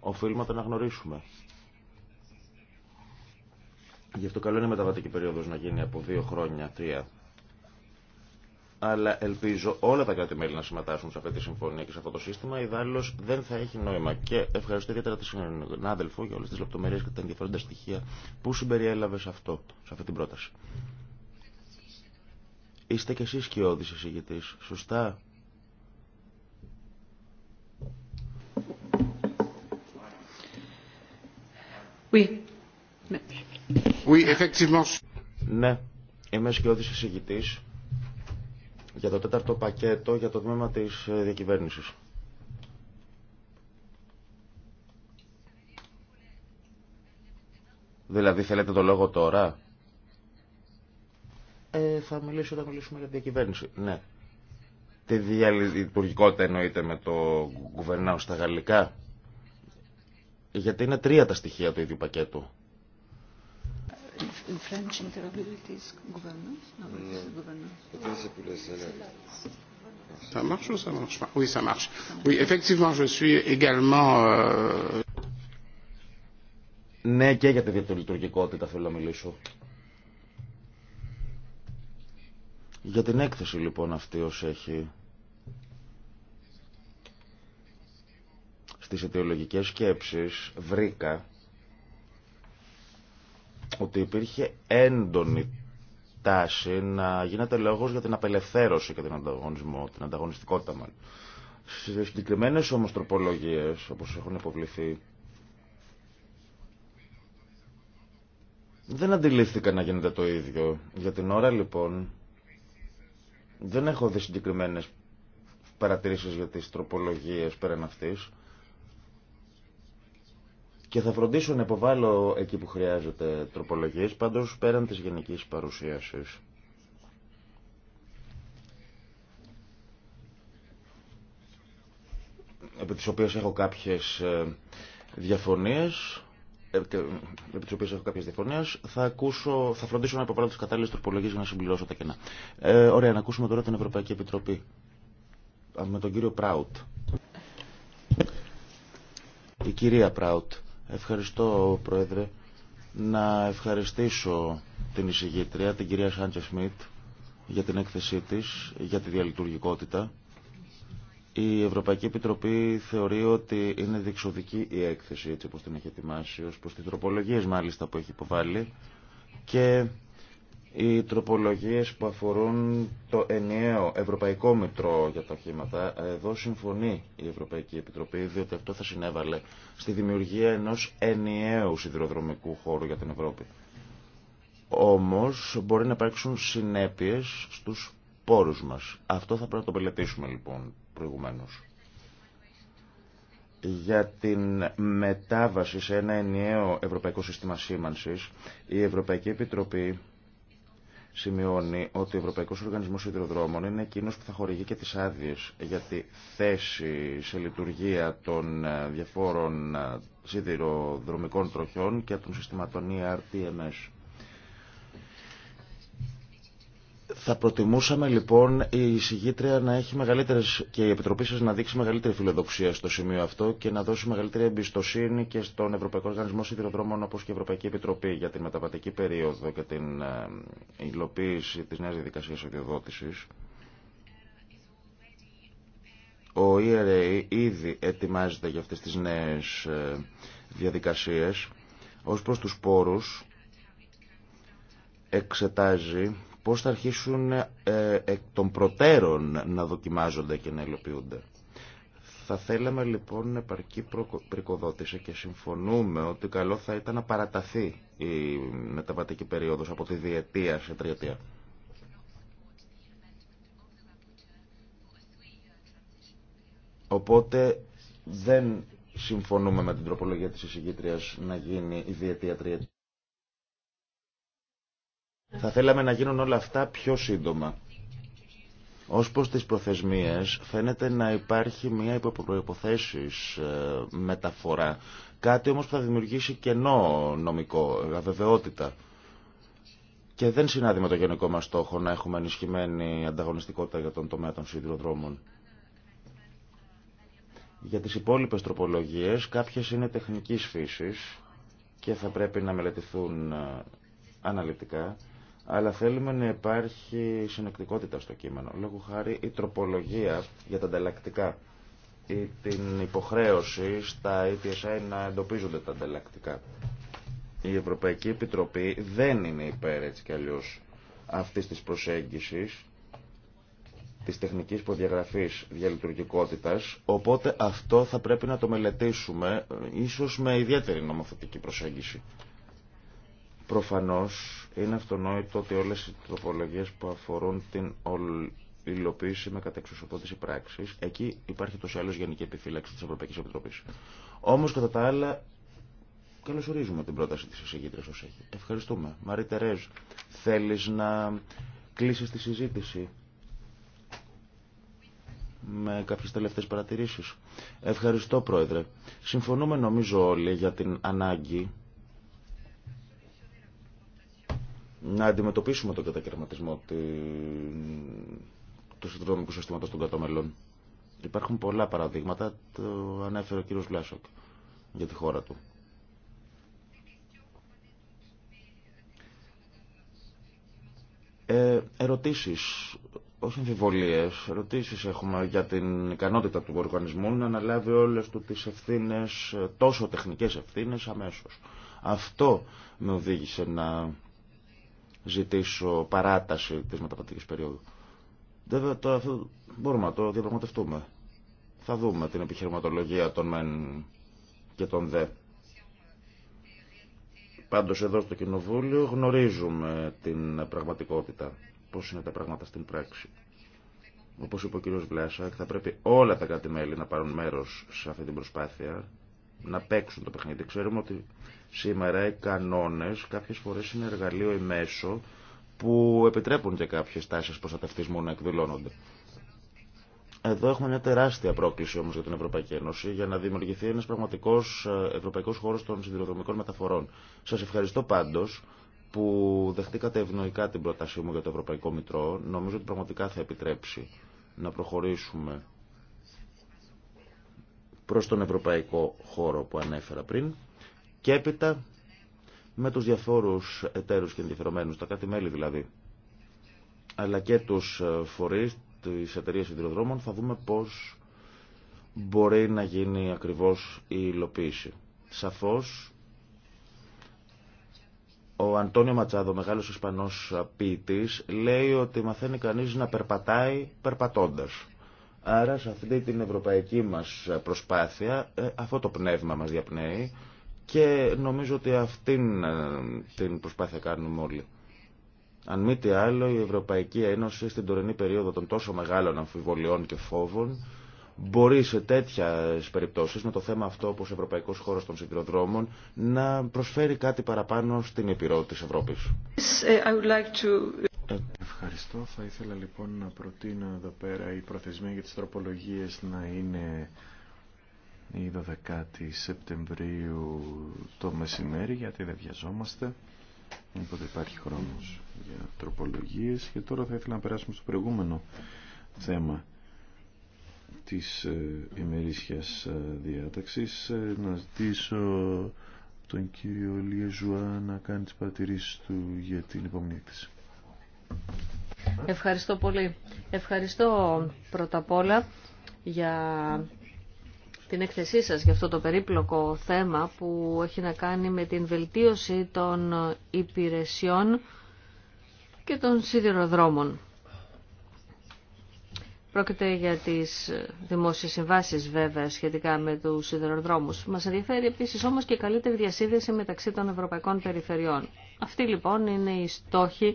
Οφείλουμε να γνωρίσουμε. Γι' αυτό καλό είναι η μεταβατική περίοδο να γίνει από δύο χρόνια, τρία. Αλλά ελπίζω όλα τα κράτη-μέλη να συμμετάσχουν σε αυτή τη συμφωνία και σε αυτό το σύστημα. Ιδάλω δεν θα έχει νόημα. Και ευχαριστώ ιδιαίτερα τη συνάδελφο για όλε τι λεπτομέρειε και τα ενδιαφέροντα στοιχεία που συμπεριέλαβε σε, αυτό, σε αυτή την πρόταση. Είστε κι εσείς κοιόδης εισηγητής, σωστά. Oui. Ναι. ναι, είμαι σκιώδης εισηγητής για το τέταρτο πακέτο για το τμήμα της ε, διακυβέρνησης. Δηλαδή θέλετε το λόγο τώρα. Ε, θα μιλήσω όταν μιλήσουμε για την διακυβέρνηση. Ναι. Τη διαλειτουργικότητα εννοείται με το κουβερνάω στα γαλλικά. Γιατί είναι τρία τα στοιχεία του ίδιου πακέτου. Ναι. ναι, και για τη διαλειτουργικότητα θέλω να μιλήσω. Για την έκθεση λοιπόν αυτή ως έχει στις αιτιολογικές σκέψεις βρήκα ότι υπήρχε έντονη τάση να γίνεται λόγος για την απελευθέρωση και την ανταγωνισμό, την ανταγωνιστικότητα μάλλον. Σε συγκεκριμένες όμως τροπολογίες, όπως έχουν υποβληθεί, δεν αντιλήφθηκα να γίνεται το ίδιο. Για την ώρα λοιπόν δεν έχω δει συγκεκριμένε παρατηρήσεις για τις τροπολογίες πέραν αυτής και θα φροντίσω να υποβάλω εκεί που χρειάζεται τροπολογίες, πάντως πέραν της γενική παρουσίαση. επί της οποίας έχω κάποιες ε, διαφωνίες ε, ε, επί έχω κάποιε διαφωνίε, θα, θα φροντίσω να υποβάλω τι κατάλληλε τροπολογίε για να συμπληρώσω τα κενά. Ε, ωραία, να ακούσουμε τώρα την Ευρωπαϊκή Επιτροπή. Με τον κύριο Πράουτ. Η κυρία Πράουτ. Ευχαριστώ, Πρόεδρε. Να ευχαριστήσω την εισηγήτρια, την κυρία Σάντζε Σμιτ, για την έκθεσή της, για τη διαλειτουργικότητα η Ευρωπαϊκή Επιτροπή θεωρεί ότι είναι διεξοδική η έκθεση έτσι όπως την έχει ετοιμάσει ως προς τις τροπολογίες μάλιστα που έχει υποβάλει και οι τροπολογίες που αφορούν το ενιαίο Ευρωπαϊκό Μητρό για τα οχήματα. Εδώ συμφωνεί η Ευρωπαϊκή Επιτροπή, διότι αυτό θα συνέβαλε στη δημιουργία ενός ενιαίου σιδηροδρομικού χώρου για την Ευρώπη. Όμως μπορεί να υπάρξουν συνέπειες στους πόρους μας. Αυτό θα πρέπει να το πελετήσουμε, λοιπόν προηγουμένως για την μετάβαση σε ένα ενιαίο ευρωπαϊκό σύστημα σήμανσης, η Ευρωπαϊκή Επιτροπή σημειώνει ότι ο Ευρωπαϊκός Οργανισμός Σιδηροδρόμων είναι εκείνος που θα χορηγεί και τις άδειες για τη θέση σε λειτουργία των ε, διαφόρων ε, σιδηροδρομικών τροχιών και των συστηματών e ERTMS. Θα προτιμούσαμε λοιπόν η συγγήτρια να έχει μεγαλύτερες και η Επιτροπή σας να δείξει μεγαλύτερη φιλοδοξία στο σημείο αυτό και να δώσει μεγαλύτερη εμπιστοσύνη και στον Ευρωπαϊκό Οργανισμό Σιδηροδρόμων όπως και η Ευρωπαϊκή Επιτροπή για την μεταβατική περίοδο και την ε, υλοποίηση της νέας διαδικασίας Ο ERA ήδη ετοιμάζεται για αυτές τις νέες ε, διαδικασίες ως προς τους πόρους εξετάζει πώς θα αρχίσουν ε, εκ των προτέρων να δοκιμάζονται και να υλοποιούνται. Θα θέλαμε λοιπόν επαρκή πρικοδότηση και συμφωνούμε ότι καλό θα ήταν να παραταθεί η μεταβατική περίοδος από τη διετία σε τριετία. Οπότε δεν συμφωνούμε με την τροπολογία της εισηγήτριας να γίνει η διετία τριετία. Θα θέλαμε να γίνουν όλα αυτά πιο σύντομα. Ως προς τις προθεσμίες φαίνεται να υπάρχει μια υποπροϋποθέσεις ε, μεταφορά. Κάτι όμως που θα δημιουργήσει κενό νομικό, αβεβαιότητα. Και δεν συνάδει με το γενικό μας στόχο να έχουμε ενισχυμένη ανταγωνιστικότητα για τον τομέα των σιδηροδρόμων. Για τις υπόλοιπες τροπολογίες κάποιες είναι τεχνικής φύσης και θα πρέπει να μελετηθούν ε, αναλυτικά αλλά θέλουμε να υπάρχει συνεκτικότητα στο κείμενο. Λόγω χάρη η τροπολογία για τα ανταλλακτικά ή την υποχρέωση στα ETSI να εντοπίζονται τα ανταλλακτικά. Η Ευρωπαϊκή Επιτροπή δεν είναι υπέρ έτσι κι αλλιώς αυτής της προσέγγισης της τεχνικής προδιαγραφής διαλειτουργικότητας, οπότε αυτό θα πρέπει να το μελετήσουμε ίσως με ιδιαίτερη νομοθετική προσέγγιση. Προφανώς είναι αυτονόητο ότι όλες οι τροπολογίες που αφορούν την υλοποίηση με κατεξουσιοδότηση πράξης, εκεί υπάρχει τόσο άλλο γενική επιφύλαξη της Ευρωπαϊκής Επιτροπής. Όμως κατά τα άλλα καλωσορίζουμε την πρόταση της εισηγήτρας ως έχει. Ευχαριστούμε. Μαρή Τερέζ, θέλεις να κλείσεις τη συζήτηση με κάποιες τελευταίες παρατηρήσεις. Ευχαριστώ Πρόεδρε. Συμφωνούμε νομίζω όλοι για την ανάγκη να αντιμετωπίσουμε τον κατακαιρματισμό του συνδρομικού συστήματος των κατομελών. Υπάρχουν πολλά παραδείγματα, το ανέφερε ο κύριος Βλάσοκ για τη χώρα του. Ε, ερωτήσεις, όχι εμφιβολίες, ερωτήσεις έχουμε για την ικανότητα του οργανισμού να αναλάβει όλες του τις ευθύνες, τόσο τεχνικές ευθύνες αμέσως. Αυτό με οδήγησε να ζητήσω παράταση της μεταπατικής περίοδου. Βέβαια, το, αυτό μπορούμε να το διαπραγματευτούμε. Θα δούμε την επιχειρηματολογία των μεν και των δε. Πάντως εδώ στο Κοινοβούλιο γνωρίζουμε την πραγματικότητα, πώ είναι τα πράγματα στην πράξη. Όπως είπε ο κ. Βλάσακ, θα πρέπει όλα τα κράτη-μέλη να πάρουν μέρο σε αυτή την προσπάθεια να παίξουν το παιχνίδι. Ξέρουμε ότι σήμερα οι κανόνε κάποιε φορέ είναι εργαλείο ή μέσο που επιτρέπουν και κάποιε τάσει προστατευτισμού να εκδηλώνονται. Εδώ έχουμε μια τεράστια πρόκληση όμω για την Ευρωπαϊκή Ένωση για να δημιουργηθεί ένα πραγματικό ε, Ευρωπαϊκό χώρο των συνδυοδρομικών μεταφορών. Σα ευχαριστώ πάντω που δεχτήκατε ευνοϊκά την πρότασή μου για το Ευρωπαϊκό Μητρό. Νομίζω ότι πραγματικά θα επιτρέψει να προχωρήσουμε προς τον ευρωπαϊκό χώρο που ανέφερα πριν και έπειτα με τους διαφόρους εταίρους και ενδιαφερομένους, τα κάτι μέλη δηλαδή, αλλά και τους ε, φορείς της εταιρείας υδροδρόμων θα δούμε πώς μπορεί να γίνει ακριβώς η υλοποίηση. Σαφώς ο Αντώνιο Ματσάδο, μεγάλος Ισπανός ποιητής, λέει ότι μαθαίνει κανείς να περπατάει περπατώντας. Άρα σε αυτή την ευρωπαϊκή μας προσπάθεια ε, αυτό το πνεύμα μας διαπνέει και νομίζω ότι αυτήν ε, την προσπάθεια κάνουμε όλοι. Αν μη τι άλλο, η Ευρωπαϊκή Ένωση στην τωρινή περίοδο των τόσο μεγάλων αμφιβολιών και φόβων μπορεί σε τέτοια περιπτώσεις με το θέμα αυτό όπως Ευρωπαϊκός Χώρος των Συγκροδρόμων, να προσφέρει κάτι παραπάνω στην επιρροή της Ευρώπης. I would like to... Ευχαριστώ. Θα ήθελα λοιπόν να προτείνω εδώ πέρα η προθεσμία για τις τροπολογίες να είναι η 12η Σεπτεμβρίου το μεσημέρι γιατί δεν βιαζόμαστε οπότε υπάρχει χρόνος για τροπολογίες και τώρα θα ήθελα να περάσουμε στο προηγούμενο θέμα της ε, ημερήσιας ε, διάταξης ε, να ζητήσω τον κύριο Λιεζουά να κάνει τις παρατηρήσεις του για την επόμενη Ευχαριστώ πολύ. Ευχαριστώ πρώτα απ' όλα για την έκθεσή σας για αυτό το περίπλοκο θέμα που έχει να κάνει με την βελτίωση των υπηρεσιών και των σιδηροδρόμων. Πρόκειται για τις δημόσιες συμβάσεις βέβαια σχετικά με τους σιδηροδρόμους. Μας ενδιαφέρει επίσης όμως και η καλύτερη διασύνδεση μεταξύ των ευρωπαϊκών περιφερειών. Αυτή λοιπόν είναι η στόχη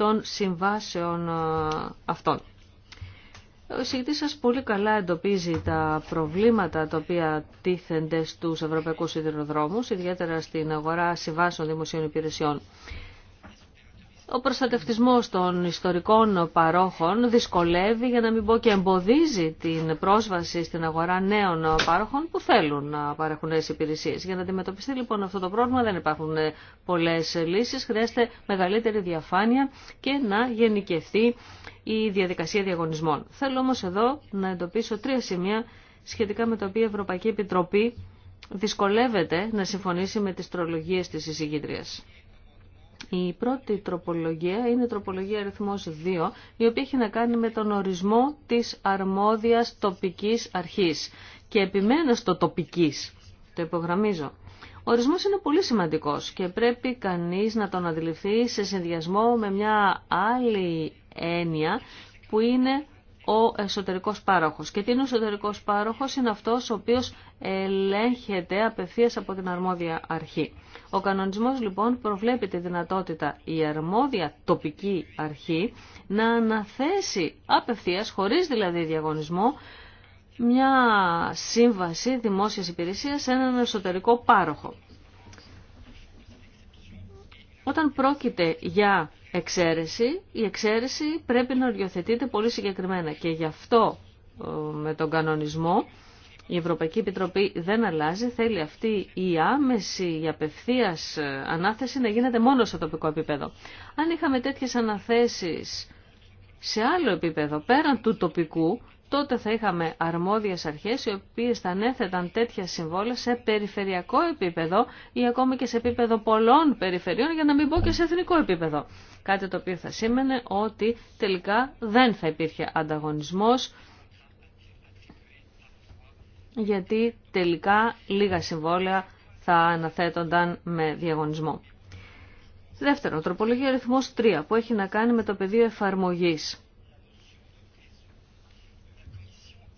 των συμβάσεων ε, αυτών. Ο εισηγητής σας πολύ καλά εντοπίζει τα προβλήματα τα οποία τίθενται στους ευρωπαϊκούς σιδηροδρόμους, ιδιαίτερα στην αγορά συμβάσεων δημοσίων υπηρεσιών. Ο προστατευτισμός των ιστορικών παρόχων δυσκολεύει, για να μην πω και εμποδίζει την πρόσβαση στην αγορά νέων παρόχων που θέλουν να παρέχουν νέες υπηρεσίες. Για να αντιμετωπιστεί λοιπόν αυτό το πρόβλημα δεν υπάρχουν πολλές λύσεις, χρειάζεται μεγαλύτερη διαφάνεια και να γενικευτεί η διαδικασία διαγωνισμών. Θέλω όμως εδώ να εντοπίσω τρία σημεία σχετικά με τα οποία η Ευρωπαϊκή Επιτροπή δυσκολεύεται να συμφωνήσει με τις τρολογίες της εισηγήτριας. Η πρώτη τροπολογία είναι η τροπολογία αριθμός 2, η οποία έχει να κάνει με τον ορισμό της αρμόδιας τοπικής αρχής. Και επιμένω στο τοπικής, το υπογραμμίζω. Ο ορισμός είναι πολύ σημαντικός και πρέπει κανείς να τον αντιληφθεί σε συνδυασμό με μια άλλη έννοια που είναι ο εσωτερικός πάροχος. Και τι είναι ο εσωτερικός πάροχος είναι αυτός ο οποίος ελέγχεται απευθείας από την αρμόδια αρχή. Ο κανονισμός λοιπόν προβλέπει τη δυνατότητα η αρμόδια τοπική αρχή να αναθέσει απευθείας, χωρίς δηλαδή διαγωνισμό, μια σύμβαση δημόσιας υπηρεσίας σε έναν εσωτερικό πάροχο. Όταν πρόκειται για εξαίρεση, η εξαίρεση πρέπει να οριοθετείται πολύ συγκεκριμένα και γι' αυτό ε, με τον κανονισμό η Ευρωπαϊκή Επιτροπή δεν αλλάζει, θέλει αυτή η άμεση, η απευθείας ε, ανάθεση να γίνεται μόνο στο τοπικό επίπεδο. Αν είχαμε τέτοιες αναθέσεις σε άλλο επίπεδο, πέραν του τοπικού, τότε θα είχαμε αρμόδιες αρχές οι οποίες θα ανέθεταν τέτοια συμβόλαια σε περιφερειακό επίπεδο ή ακόμη και σε επίπεδο πολλών περιφερειών για να μην πω και σε εθνικό επίπεδο. Κάτι το οποίο θα σήμαινε ότι τελικά δεν θα υπήρχε ανταγωνισμός γιατί τελικά λίγα συμβόλαια θα αναθέτονταν με διαγωνισμό. Δεύτερον, τροπολογία αριθμός 3 που έχει να κάνει με το πεδίο εφαρμογής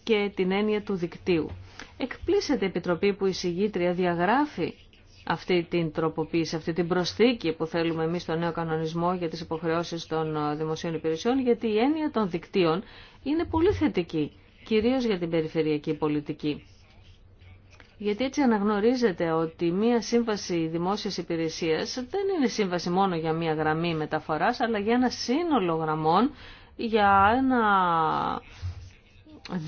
και την έννοια του δικτύου. Εκπλήσεται η Επιτροπή που η συγγήτρια διαγράφει αυτή την τροποποίηση, αυτή την προσθήκη που θέλουμε εμείς στο νέο κανονισμό για τις υποχρεώσεις των ε, δημοσίων υπηρεσιών, γιατί η έννοια των δικτύων είναι πολύ θετική, κυρίως για την περιφερειακή πολιτική γιατί έτσι αναγνωρίζεται ότι μία σύμβαση δημόσιας υπηρεσίας δεν είναι σύμβαση μόνο για μία γραμμή μεταφοράς, αλλά για ένα σύνολο γραμμών, για ένα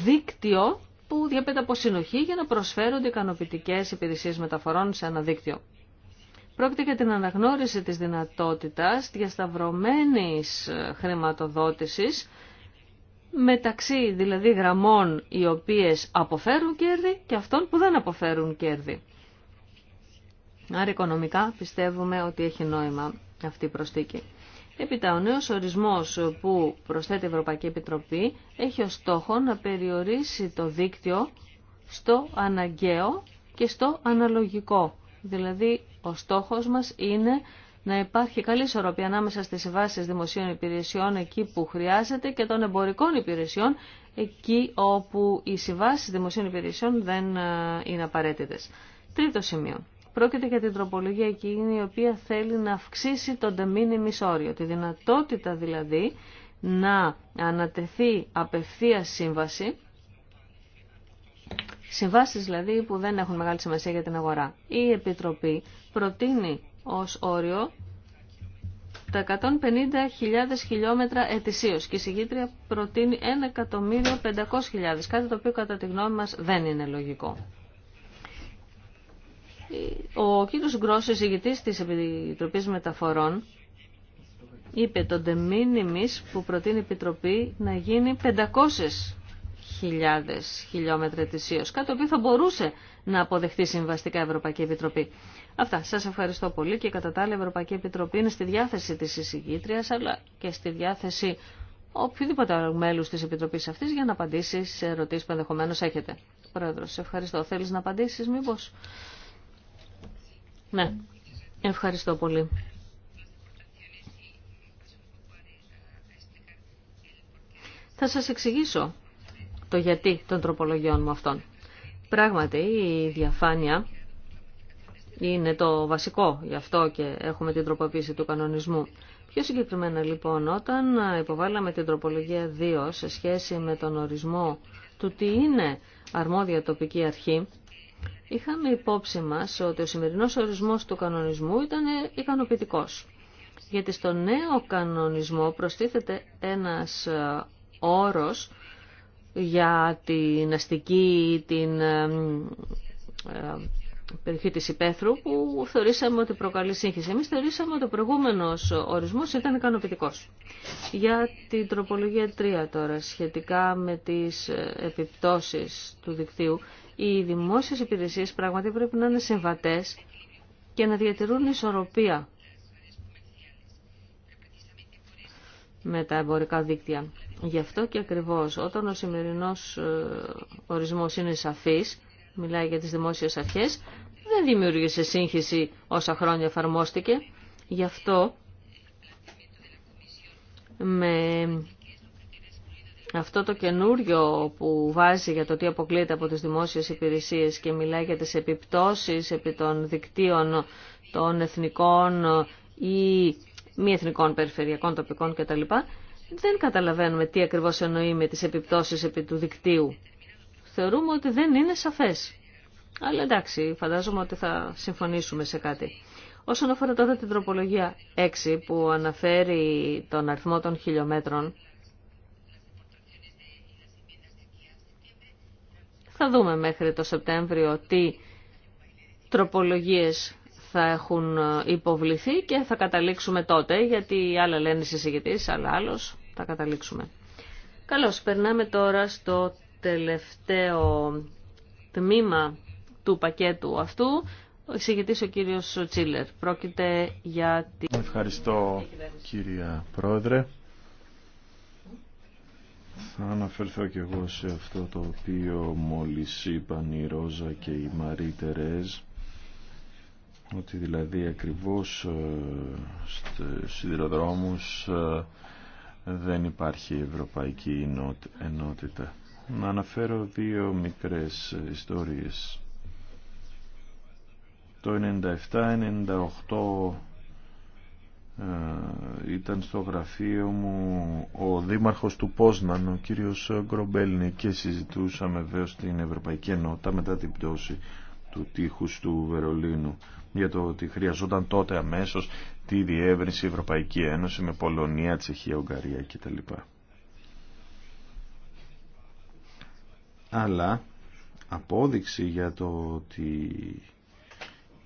δίκτυο που διαπέτει από συνοχή για να προσφέρονται ικανοποιητικέ υπηρεσίες μεταφορών σε ένα δίκτυο. Πρόκειται για την αναγνώριση της δυνατότητας διασταυρωμένης χρηματοδότησης μεταξύ δηλαδή γραμμών οι οποίες αποφέρουν κέρδη και αυτών που δεν αποφέρουν κέρδη. Άρα οικονομικά πιστεύουμε ότι έχει νόημα αυτή η προστίκη. Έπειτα, ο νέος ορισμός που προσθέτει η Ευρωπαϊκή Επιτροπή έχει ως στόχο να περιορίσει το δίκτυο στο αναγκαίο και στο αναλογικό. Δηλαδή, ο στόχος μας είναι να υπάρχει καλή ισορροπία ανάμεσα στις συμβάσει δημοσίων υπηρεσιών εκεί που χρειάζεται και των εμπορικών υπηρεσιών εκεί όπου οι συμβάσει δημοσίων υπηρεσιών δεν ε, είναι απαραίτητε. Τρίτο σημείο. Πρόκειται για την τροπολογία εκείνη η οποία θέλει να αυξήσει τον τεμίνη μισόριο, τη δυνατότητα δηλαδή να ανατεθεί απευθεία σύμβαση, συμβάσεις δηλαδή που δεν έχουν μεγάλη σημασία για την αγορά. Η Επιτροπή προτείνει ως όριο τα 150.000 χιλιόμετρα ετησίως και η συγκήτρια προτείνει 1.500.000, κάτι το οποίο κατά τη γνώμη μας δεν είναι λογικό. Ο κύριος Γκρός, εισηγητής της Επιτροπής Μεταφορών, είπε το de minimis που προτείνει η Επιτροπή να γίνει 500.000 χιλιόμετρα ετησίως, κάτι το οποίο θα μπορούσε να αποδεχτεί συμβαστικά η Ευρωπαϊκή Επιτροπή. Αυτά. Σας ευχαριστώ πολύ και κατά τα άλλα η Ευρωπαϊκή Επιτροπή είναι στη διάθεση τη εισηγήτριας αλλά και στη διάθεση οποιοδήποτε μέλου τη Επιτροπή αυτή για να απαντήσει σε ερωτήσεις που ενδεχομένω έχετε. πρόεδρο. σε ευχαριστώ. Θέλεις να απαντήσεις μήπως? Ναι. Ευχαριστώ πολύ. Θα σας εξηγήσω το γιατί των τροπολογιών μου αυτών. Πράγματι, η διαφάνεια είναι το βασικό, γι' αυτό και έχουμε την τροποποίηση του κανονισμού. Πιο συγκεκριμένα λοιπόν, όταν υποβάλαμε την τροπολογία 2 σε σχέση με τον ορισμό του τι είναι αρμόδια τοπική αρχή, είχαμε υπόψη μας ότι ο σημερινός ορισμός του κανονισμού ήταν ικανοποιητικός. Γιατί στο νέο κανονισμό προστίθεται ένας ε, όρος για την αστική, την ε, ε, περιοχή της Υπέθρου που θεωρήσαμε ότι προκαλεί σύγχυση. Εμείς θεωρήσαμε ότι ο προηγούμενος ορισμός ήταν ικανοποιητικός. Για την τροπολογία 3 τώρα, σχετικά με τις ε, επιπτώσεις του δικτύου, οι δημόσιες υπηρεσίες πράγματι πρέπει να είναι συμβατές και να διατηρούν ισορροπία με τα εμπορικά δίκτυα. Γι' αυτό και ακριβώς όταν ο σημερινός ε, ορισμός είναι σαφής, μιλάει για τις δημόσιες αρχές, δεν δημιούργησε σύγχυση όσα χρόνια εφαρμόστηκε. Γι' αυτό με αυτό το καινούριο που βάζει για το τι αποκλείεται από τις δημόσιες υπηρεσίες και μιλάει για τις επιπτώσεις επί των δικτύων των εθνικών ή μη εθνικών περιφερειακών τοπικών κτλ. Δεν καταλαβαίνουμε τι ακριβώς εννοεί με τις επιπτώσεις επί του δικτύου θεωρούμε ότι δεν είναι σαφές. Αλλά εντάξει, φαντάζομαι ότι θα συμφωνήσουμε σε κάτι. Όσον αφορά τώρα την τροπολογία 6 που αναφέρει τον αριθμό των χιλιόμετρων, θα δούμε μέχρι το Σεπτέμβριο τι τροπολογίες θα έχουν υποβληθεί και θα καταλήξουμε τότε, γιατί άλλα λένε οι αλλά άλλος θα καταλήξουμε. Καλώς, περνάμε τώρα στο τελευταίο τμήμα του πακέτου αυτού, ο ο κύριος Τσίλερ. Πρόκειται για την... Ευχαριστώ κυρία Πρόεδρε. Θα αναφερθώ και εγώ σε αυτό το οποίο μόλις είπαν η Ρόζα και η Μαρή Τερέζ ότι δηλαδή ακριβώς ε, στους σιδηροδρόμους ε, δεν υπάρχει ευρωπαϊκή ενότητα να αναφέρω δύο μικρές ιστορίες. Το 97-98 ε, ήταν στο γραφείο μου ο δήμαρχος του Πόσναν, ο κύριος Γκρομπέλνη ναι, και συζητούσαμε βέβαια στην Ευρωπαϊκή Ενότητα μετά την πτώση του τείχους του Βερολίνου για το ότι χρειαζόταν τότε αμέσως τη διεύρυνση Ευρωπαϊκή Ένωση με Πολωνία, Τσεχία, Ουγγαρία κτλ. αλλά απόδειξη για το ότι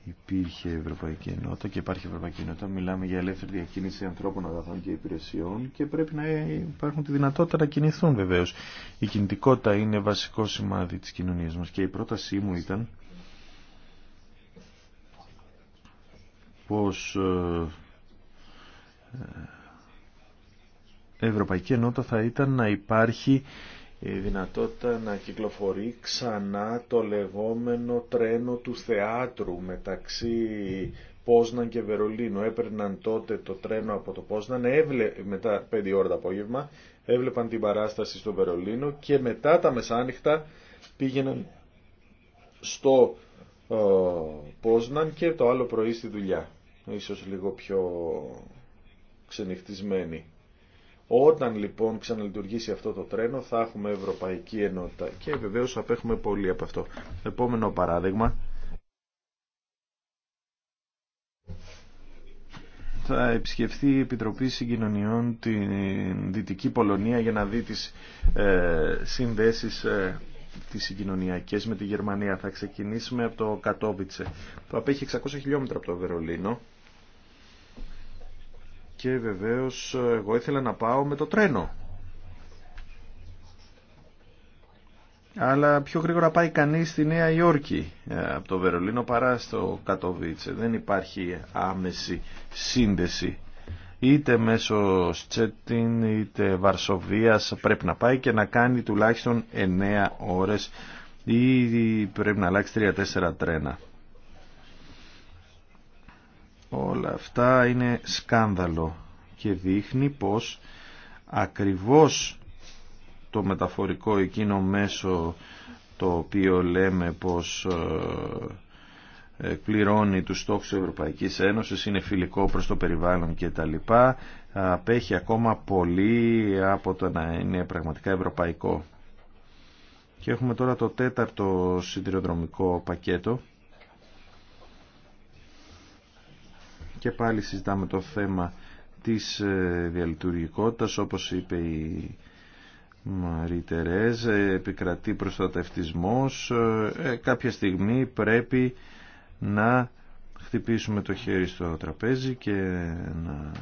υπήρχε Ευρωπαϊκή Ενότητα και υπάρχει Ευρωπαϊκή Ενότητα. Μιλάμε για ελεύθερη διακίνηση ανθρώπων, αγαθών και υπηρεσιών και πρέπει να υπάρχουν τη δυνατότητα να κινηθούν βεβαίω. Η κινητικότητα είναι βασικό σημάδι της κοινωνίας μας και η πρότασή μου ήταν πω ε, ε, Ευρωπαϊκή Ενότητα θα ήταν να υπάρχει η δυνατότητα να κυκλοφορεί ξανά το λεγόμενο τρένο του θεάτρου μεταξύ Πόσναν και Βερολίνου. Έπαιρναν τότε το τρένο από το Πόσναν, έβλε, μετά 5 ώρα το απόγευμα, έβλεπαν την παράσταση στο Βερολίνο και μετά τα μεσάνυχτα πήγαιναν στο ε, Πόσναν και το άλλο πρωί στη δουλειά. Ίσως λίγο πιο ξενυχτισμένοι. Όταν λοιπόν ξαναλειτουργήσει αυτό το τρένο θα έχουμε ευρωπαϊκή ενότητα και βεβαίως απέχουμε πολύ από αυτό. Επόμενο παράδειγμα. θα επισκεφθεί η Επιτροπή Συγκοινωνιών την Δυτική Πολωνία για να δει τις ε, συνδέσεις ε, τις συγκοινωνιακές με τη Γερμανία. Θα ξεκινήσουμε από το Κατόβιτσε. που απέχει 600 χιλιόμετρα από το Βερολίνο και βεβαίως εγώ ήθελα να πάω με το τρένο. Αλλά πιο γρήγορα πάει κανείς στη Νέα Υόρκη ε, από το Βερολίνο παρά στο Κατοβίτσε. Δεν υπάρχει άμεση σύνδεση. Είτε μέσω Στσέτιν είτε Βαρσοβίας πρέπει να πάει και να κάνει τουλάχιστον 9 ώρες ή πρέπει να αλλάξει 3-4 τρένα όλα αυτά είναι σκάνδαλο και δείχνει πως ακριβώς το μεταφορικό εκείνο μέσο το οποίο λέμε πως ε, πληρώνει τους στόχους της Ευρωπαϊκής Ένωσης, είναι φιλικό προς το περιβάλλον και τα απέχει ακόμα πολύ από το να είναι πραγματικά ευρωπαϊκό. Και έχουμε τώρα το τέταρτο συντηροδρομικό πακέτο, και πάλι συζητάμε το θέμα της ε, διαλειτουργικότητας όπως είπε η Μαρή Τερέζ επικρατεί προστατευτισμός ε, κάποια στιγμή πρέπει να χτυπήσουμε το χέρι στο τραπέζι και να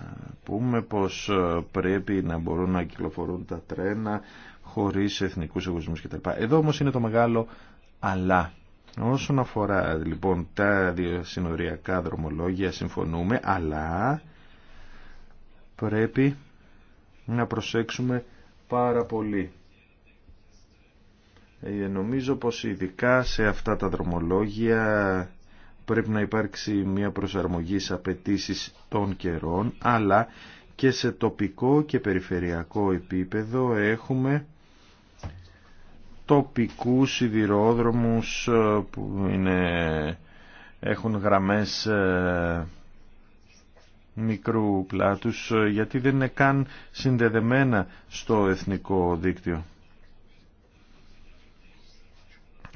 πούμε πως ε, πρέπει να μπορούν να κυκλοφορούν τα τρένα χωρίς εθνικούς εγωισμούς κτλ. Εδώ όμως είναι το μεγάλο αλλά Όσον αφορά λοιπόν τα συνοριακά δρομολόγια συμφωνούμε, αλλά πρέπει να προσέξουμε πάρα πολύ. Ε, νομίζω πως ειδικά σε αυτά τα δρομολόγια πρέπει να υπάρξει μια προσαρμογή σε απαιτήσει των καιρών, αλλά και σε τοπικό και περιφερειακό επίπεδο έχουμε τοπικούς σιδηρόδρομους ε, που είναι, έχουν γραμμές ε, μικρού πλάτους ε, γιατί δεν είναι καν συνδεδεμένα στο εθνικό δίκτυο.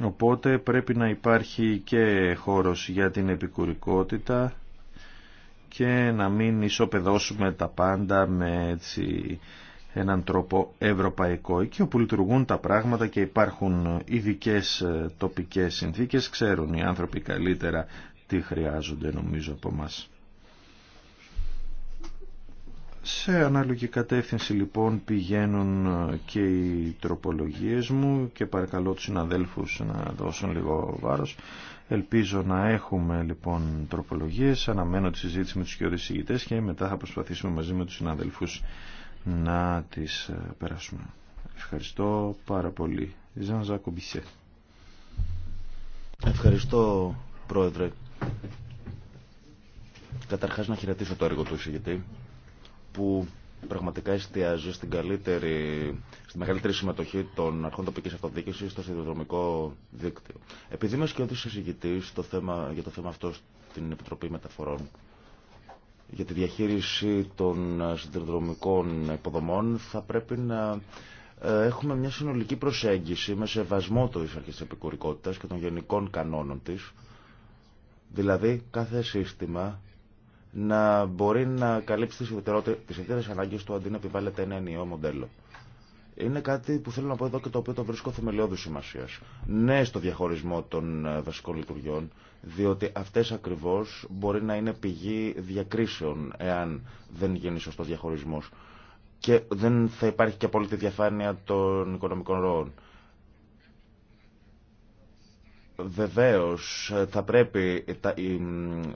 Οπότε πρέπει να υπάρχει και χώρος για την επικουρικότητα και να μην ισοπεδώσουμε τα πάντα με έτσι έναν τρόπο ευρωπαϊκό. Εκεί όπου λειτουργούν τα πράγματα και υπάρχουν ειδικέ ε, τοπικές συνθήκες, ξέρουν οι άνθρωποι καλύτερα τι χρειάζονται νομίζω από μας. Σε ανάλογη κατεύθυνση λοιπόν πηγαίνουν ε, και οι τροπολογίες μου και παρακαλώ τους συναδέλφους να δώσουν λίγο βάρος. Ελπίζω να έχουμε λοιπόν τροπολογίες, αναμένω τη συζήτηση με τους κοιόδης και μετά θα προσπαθήσουμε μαζί με τους συναδελφούς να τις ε, περάσουμε. Ευχαριστώ πάρα πολύ. Ζαν Ευχαριστώ Πρόεδρε. Καταρχάς να χαιρετήσω το έργο του εισηγητή που πραγματικά εστιάζει στην καλύτερη, στη μεγαλύτερη συμμετοχή των αρχών τοπικής αυτοδιοίκησης στο σιδηροδρομικό δίκτυο. Επειδή είμαι σκέφτης εισηγητής το θέμα, για το θέμα αυτό στην Επιτροπή Μεταφορών για τη διαχείριση των συνδρομικών υποδομών θα πρέπει να ε, έχουμε μια συνολική προσέγγιση με σεβασμό το αρχής της επικουρικότητας και των γενικών κανόνων της. Δηλαδή κάθε σύστημα να μπορεί να καλύψει τις ιδιαίτερες ανάγκες του αντί να επιβάλλεται ένα ενιαίο μοντέλο. Είναι κάτι που θέλω να πω εδώ και το οποίο το βρίσκω θεμελιώδου σημασία. Ναι στο διαχωρισμό των ε, βασικών λειτουργιών, διότι αυτές ακριβώς μπορεί να είναι πηγή διακρίσεων εάν δεν γίνει σωστός διαχωρισμός και δεν θα υπάρχει και απόλυτη διαφάνεια των οικονομικών ροών. Βεβαίω, θα πρέπει τα,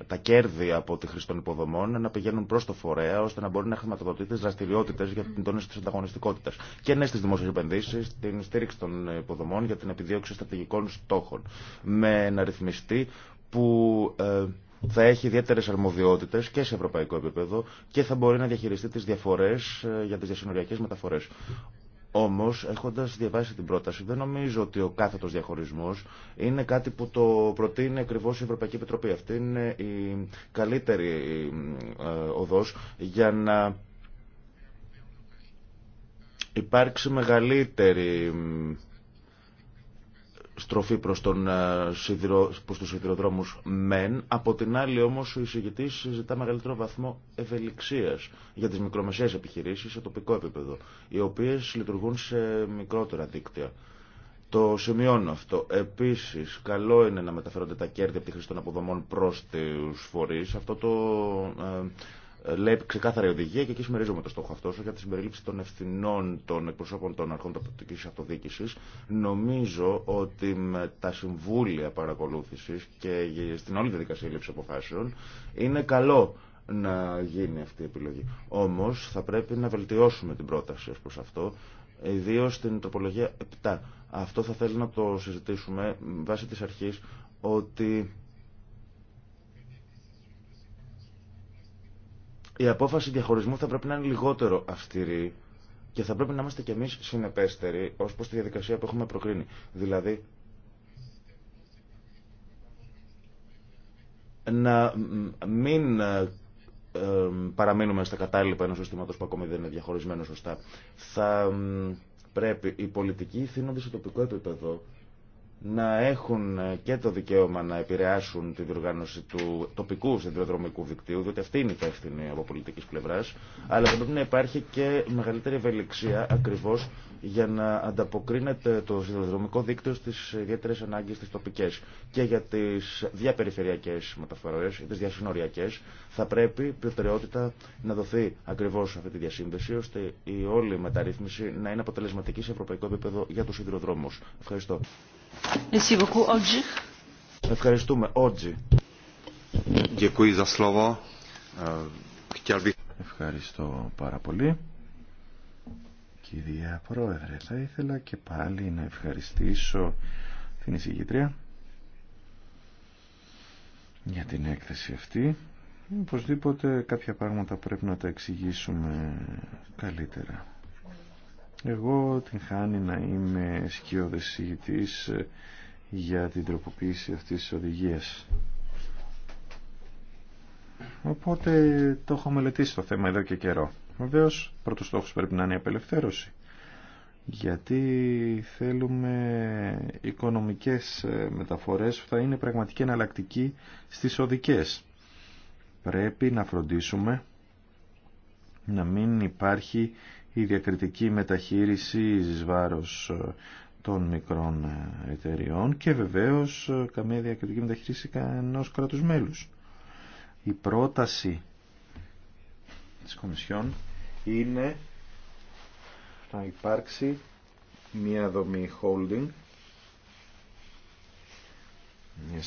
τα κέρδη από τη χρήση των υποδομών να πηγαίνουν προ το φορέα ώστε να μπορεί να χρηματοδοτεί τι δραστηριότητε για την τόνιση τη ανταγωνιστικότητα. Και ναι στι δημόσιε επενδύσει, την στήριξη των υποδομών για την επιδίωξη στρατηγικών στόχων. Με να ρυθμιστεί που ε, θα έχει ιδιαίτερε αρμοδιότητε και σε ευρωπαϊκό επίπεδο και θα μπορεί να διαχειριστεί τι διαφορέ ε, για τι διασυνοριακέ μεταφορέ. Όμω, έχοντα διαβάσει την πρόταση, δεν νομίζω ότι ο κάθετο διαχωρισμό είναι κάτι που το προτείνει ακριβώ η Ευρωπαϊκή Επιτροπή. Αυτή είναι η καλύτερη ε, οδό για να υπάρξει μεγαλύτερη στροφή προς, τον, ε, προς τους σιδηροδρόμους μεν, από την άλλη όμως ο εισηγητής ζητά μεγαλύτερο βαθμό ευελιξίας για τις μικρομεσαίες επιχειρήσεις σε τοπικό επίπεδο, οι οποίες λειτουργούν σε μικρότερα δίκτυα. Το σημειώνω αυτό. Επίση, καλό είναι να μεταφέρονται τα κέρδη από τη χρήση των αποδομών προ του φορεί. Αυτό το ε, Λέει ξεκάθαρη οδηγία και εκεί συμμερίζομαι το στόχο αυτό για τη συμπερίληψη των ευθυνών των εκπροσώπων των αρχών τοπική αυτοδιοίκηση. Νομίζω ότι με τα συμβούλια παρακολούθηση και στην όλη διαδικασία λήψη αποφάσεων είναι καλό να γίνει αυτή η επιλογή. Όμω θα πρέπει να βελτιώσουμε την πρόταση ω προ αυτό, ιδίω στην τροπολογία 7. Αυτό θα θέλω να το συζητήσουμε βάσει τη αρχή ότι η απόφαση διαχωρισμού θα πρέπει να είναι λιγότερο αυστηρή και θα πρέπει να είμαστε κι εμεί συνεπέστεροι ω προ τη διαδικασία που έχουμε προκρίνει. Δηλαδή, να μην ε, ε, παραμείνουμε στα κατάλληλα ενό συστήματο που ακόμη δεν είναι διαχωρισμένο σωστά. Θα πρέπει οι πολιτικοί θύνονται σε τοπικό επίπεδο να έχουν και το δικαίωμα να επηρεάσουν τη διοργάνωση του τοπικού συνδυοδρομικού δικτύου, διότι αυτή είναι υπεύθυνη από πολιτική πλευρά, αλλά θα πρέπει να υπάρχει και μεγαλύτερη ευελιξία ακριβώ για να ανταποκρίνεται το συνδυοδρομικό δίκτυο στι ιδιαίτερε ανάγκε τι τοπικέ. Και για τι διαπεριφερειακέ μεταφορέ, τι διασυνοριακέ, θα πρέπει προτεραιότητα να δοθεί ακριβώ αυτή τη διασύνδεση, ώστε η όλη μεταρρύθμιση να είναι αποτελεσματική σε ευρωπαϊκό επίπεδο για του Ευχαριστώ. Ευχαριστούμε. Ότζι. Eh, Ευχαριστώ πάρα πολύ. Κυρία Πρόεδρε, θα ήθελα και πάλι να ευχαριστήσω την εισηγήτρια για την έκθεση αυτή. Οπωσδήποτε κάποια πράγματα πρέπει να τα εξηγήσουμε καλύτερα. Εγώ την χάνει να είμαι σκιώδης ηγητής ε, για την τροποποίηση αυτής της οδηγίας. Οπότε το έχω μελετήσει το θέμα εδώ και καιρό. Βεβαίω, πρώτος στόχος πρέπει να είναι η απελευθέρωση. Γιατί θέλουμε οικονομικές ε, μεταφορές που θα είναι πραγματική εναλλακτική στις οδικές. Πρέπει να φροντίσουμε να μην υπάρχει η διακριτική μεταχείριση εις βάρος ε, των μικρών ε, εταιριών και βεβαίως ε, καμία διακριτική μεταχείριση κανένας κράτους μέλους. Η πρόταση της Κομισιόν είναι να υπάρξει μια δομή holding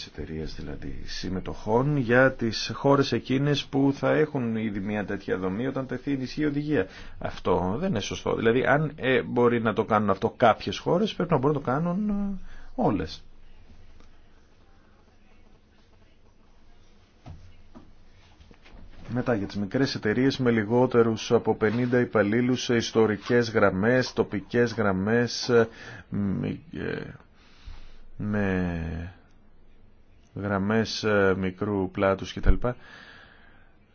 μιας εταιρείας δηλαδή συμμετοχών για τις χώρες εκείνες που θα έχουν ήδη μια τέτοια δομή όταν τεθεί η ισχύ οδηγία. Αυτό δεν είναι σωστό. Δηλαδή αν ε, μπορεί να το κάνουν αυτό κάποιες χώρες πρέπει να μπορούν να το κάνουν ε, όλες. Μετά για τις μικρές εταιρείες με λιγότερους από 50 υπαλλήλους σε ιστορικές γραμμές, τοπικές γραμμές, ε, με γραμμές ε, μικρού πλάτους κτλ.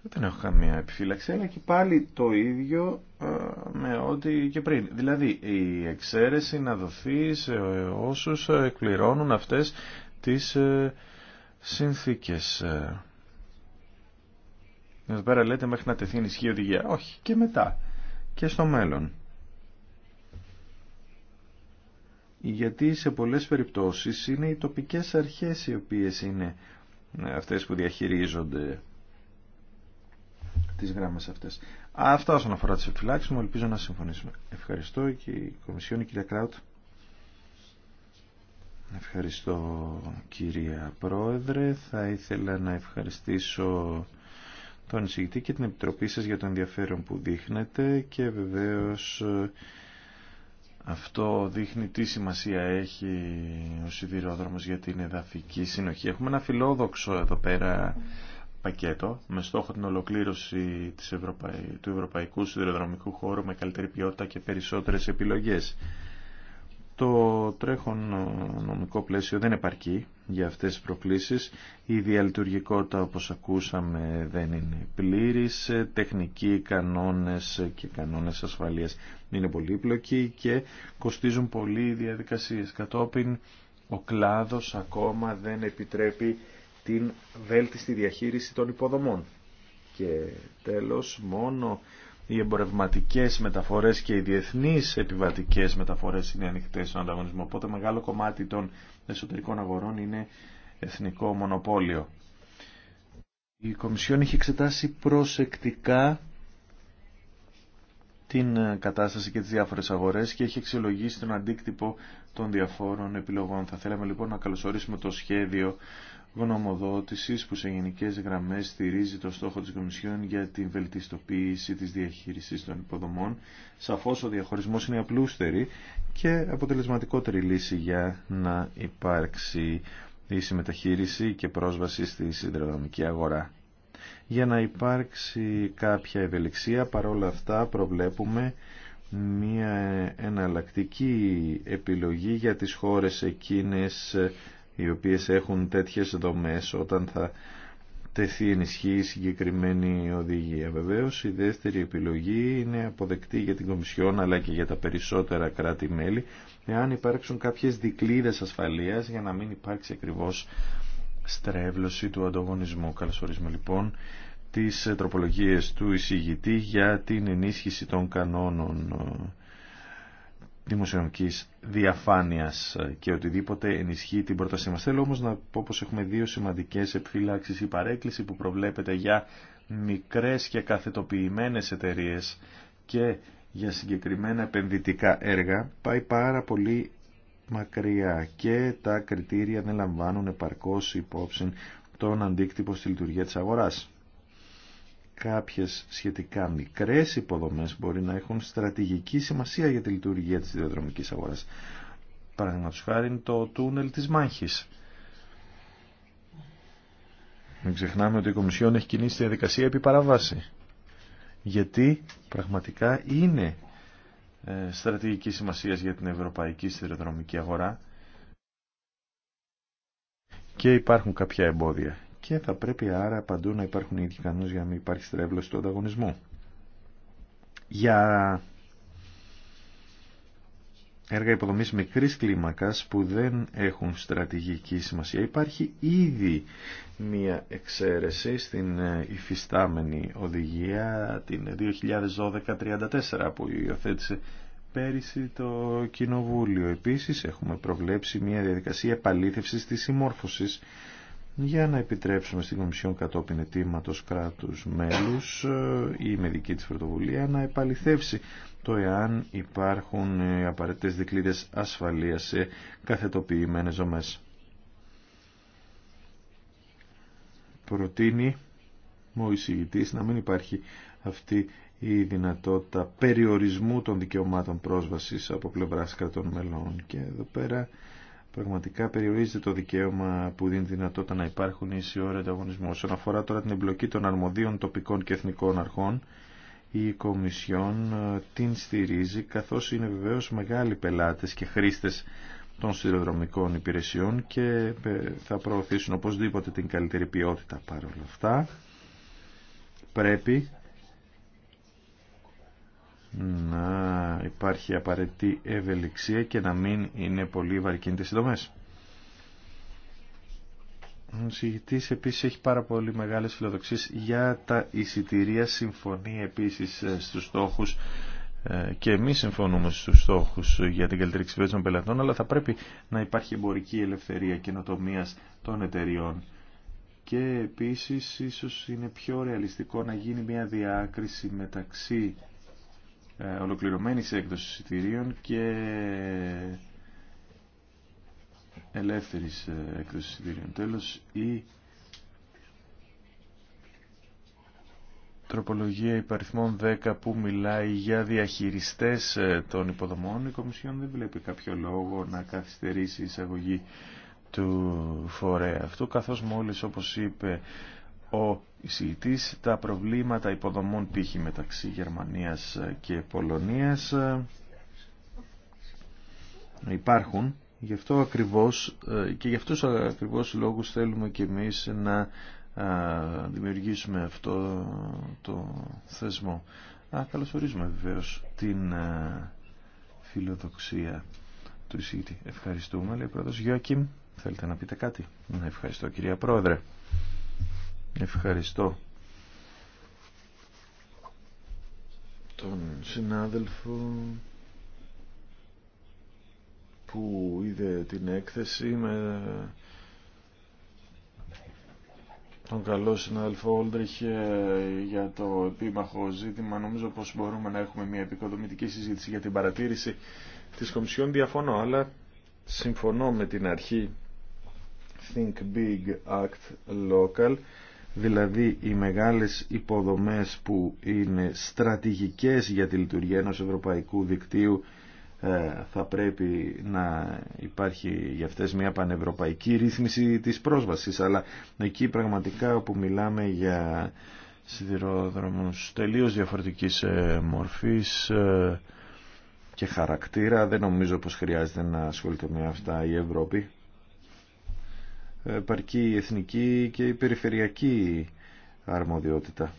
Δεν έχω καμία επιφύλαξη, αλλά και πάλι το ίδιο ε, με ό,τι και πριν. Δηλαδή, η εξαίρεση να δοθεί σε όσους ε, εκπληρώνουν αυτές τις συνθήκες. Εδώ πέρα λέτε μέχρι να τεθεί νησική οδηγία. Όχι, και μετά. Και στο μέλλον. γιατί σε πολλές περιπτώσεις είναι οι τοπικές αρχές οι οποίες είναι ε, αυτές που διαχειρίζονται τις γράμμες αυτές. Αυτά όσον αφορά τις επιφυλάξεις μου, ελπίζω να συμφωνήσουμε. Ευχαριστώ και η Κομισιόν, η κυρία Κράουτ. Ευχαριστώ κυρία Πρόεδρε. Θα ήθελα να ευχαριστήσω τον εισηγητή και την Επιτροπή σας για το ενδιαφέρον που δείχνετε και βεβαίως αυτό δείχνει τι σημασία έχει ο σιδηρόδρομος για την εδαφική συνοχή. Έχουμε ένα φιλόδοξο εδώ πέρα πακέτο με στόχο την ολοκλήρωση της του ευρωπαϊκού σιδηροδρομικού χώρου με καλύτερη ποιότητα και περισσότερες επιλογές. Το τρέχον ε, νομικό πλαίσιο δεν επαρκεί για αυτές τις προκλήσεις. Η διαλειτουργικότητα όπως ακούσαμε δεν είναι πλήρης. Τεχνικοί κανόνες και κανόνες ασφαλείας είναι πολύπλοκοι και κοστίζουν πολύ οι διαδικασίες. Κατόπιν ο κλάδος ακόμα δεν επιτρέπει την βέλτιστη διαχείριση των υποδομών. Και τέλος μόνο οι εμπορευματικές μεταφορές και οι διεθνείς επιβατικές μεταφορές είναι ανοιχτές στον ανταγωνισμό. Οπότε μεγάλο κομμάτι των εσωτερικών αγορών είναι εθνικό μονοπόλιο. Η Κομισιόν έχει εξετάσει προσεκτικά την κατάσταση και τις διάφορες αγορές και έχει αξιολογήσει τον αντίκτυπο των διαφόρων επιλογών. Θα θέλαμε λοιπόν να καλωσορίσουμε το σχέδιο γνωμοδότησης που σε γενικές γραμμές στηρίζει το στόχο της Κομισιόν για την βελτιστοποίηση της διαχείρισης των υποδομών. Σαφώς ο διαχωρισμός είναι απλούστερη και αποτελεσματικότερη λύση για να υπάρξει η συμμεταχείριση και πρόσβαση στη συνδρομική αγορά. Για να υπάρξει κάποια ευελιξία, παρόλα αυτά προβλέπουμε μια εναλλακτική επιλογή για τις χώρες εκείνες οι οποίες έχουν τέτοιες δομές όταν θα τεθεί ενισχύ η συγκεκριμένη οδηγία. Βεβαίως η δεύτερη επιλογή είναι αποδεκτή για την Κομισιόν αλλά και για τα περισσότερα κράτη-μέλη εάν υπάρξουν κάποιες δικλείδες ασφαλείας για να μην υπάρξει ακριβώς στρέβλωση του ανταγωνισμού. Καλώς ορίζουμε λοιπόν τις τροπολογίες του εισηγητή για την ενίσχυση των κανόνων δημοσιονομικής διαφάνειας ε, και οτιδήποτε ενισχύει την πρότασή μας. Θέλω όμως να πω πως έχουμε δύο σημαντικές επιφύλαξεις ή παρέκκληση που προβλέπεται για μικρές και καθετοποιημένες εταιρείες και για συγκεκριμένα επενδυτικά έργα πάει πάρα πολύ μακριά και τα κριτήρια δεν λαμβάνουν επαρκώς υπόψη τον αντίκτυπο στη λειτουργία της αγοράς κάποιες σχετικά μικρές υποδομές μπορεί να έχουν στρατηγική σημασία για τη λειτουργία της διαδρομικής αγοράς. Παραδείγματο χάρη είναι το τούνελ της μάχης. Μην ξεχνάμε ότι η Κομισιόν έχει κινήσει τη διαδικασία επί παραβάση. Γιατί πραγματικά είναι ε, στρατηγική σημασία για την ευρωπαϊκή σιδηροδρομική αγορά και υπάρχουν κάποια εμπόδια και θα πρέπει άρα παντού να υπάρχουν οι ίδιοι για να μην υπάρχει στρέβλωση του ανταγωνισμού. Για έργα υποδομής μικρής κλίμακας που δεν έχουν στρατηγική σημασία υπάρχει ήδη μία εξαίρεση στην ε, υφιστάμενη οδηγία την 2012-34 που υιοθέτησε πέρυσι το Κοινοβούλιο. Επίσης έχουμε προβλέψει μία διαδικασία επαλήθευσης της συμμόρφωσης για να επιτρέψουμε στην Κομισιόν κατόπιν ετήματος κράτους μέλους ε, ή με δική της πρωτοβουλία να επαληθεύσει το εάν υπάρχουν ε, απαραίτητες δικλείδες ασφαλείας σε καθετοποιημένες ζωμές. Προτείνει ο εισηγητής να μην υπάρχει αυτή η δυνατότητα περιορισμού των δικαιωμάτων πρόσβασης από πλευράς κρατών μελών και εδώ πραγματικά περιορίζεται το δικαίωμα που δίνει δυνατότητα να υπάρχουν ώρα ανταγωνισμού. Όσον αφορά τώρα την εμπλοκή των αρμοδίων τοπικών και εθνικών αρχών, η Κομισιόν ε, την στηρίζει καθώς είναι βεβαίως μεγάλοι πελάτες και χρήστες των σιδηροδρομικών υπηρεσιών και ε, θα προωθήσουν οπωσδήποτε την καλύτερη ποιότητα παρόλα αυτά. Πρέπει να υπάρχει απαραίτητη ευελιξία και να μην είναι πολύ βαρκίνητες οι δομές. Ο συγητής επίσης έχει πάρα πολύ μεγάλες φιλοδοξίες για τα εισιτηρία. Συμφωνεί επίσης ε, στους στόχους ε, και εμείς συμφωνούμε στους στόχους για την καλύτερη εξυπηρέτηση των πελατών, αλλά θα πρέπει να υπάρχει εμπορική ελευθερία καινοτομία των εταιριών. Και επίσης ίσως είναι πιο ρεαλιστικό να γίνει μια διάκριση μεταξύ ε, ολοκληρωμένης έκδοσης εισιτηρίων και ελεύθερης ε, έκδοσης εισιτηρίων. Τέλος, η τροπολογία υπαριθμών 10 που μιλάει για διαχειριστές ε, των υποδομών, η Κομισιόν δεν βλέπει κάποιο λόγο να καθυστερήσει η εισαγωγή του φορέα αυτού, καθώς μόλις όπως είπε ο εισηγητής τα προβλήματα υποδομών πύχη μεταξύ Γερμανίας και Πολωνίας ε, υπάρχουν γι' αυτό ακριβώς ε, και γι' αυτούς ακριβώς λόγους θέλουμε και εμείς να ε, δημιουργήσουμε αυτό το θεσμό Α, καλωσορίζουμε βεβαίως την φιλοδοξία του εισηγητή. Ευχαριστούμε, λέει ο πρόεδρος Γιώκημ. Θέλετε να πείτε κάτι. Ναι, ευχαριστώ κυρία Πρόεδρε. Ευχαριστώ τον συνάδελφο που είδε την έκθεση με τον καλό συνάδελφο Όλτριχ ε, για το επίμαχο ζήτημα. Νομίζω πως μπορούμε να έχουμε μια επικοδομητική συζήτηση για την παρατήρηση της Κομισιόν. Διαφωνώ, αλλά συμφωνώ με την αρχή Think Big, Act Local δηλαδή οι μεγάλες υποδομές που είναι στρατηγικές για τη λειτουργία ενός ευρωπαϊκού δικτύου ε, θα πρέπει να υπάρχει για αυτές μια πανευρωπαϊκή ρύθμιση της πρόσβασης αλλά εκεί πραγματικά όπου μιλάμε για σιδηρόδρομους τελείως διαφορετικής ε, μορφής ε, και χαρακτήρα δεν νομίζω πως χρειάζεται να ασχολείται με αυτά η Ευρώπη επαρκή η εθνική και η περιφερειακή αρμοδιότητα.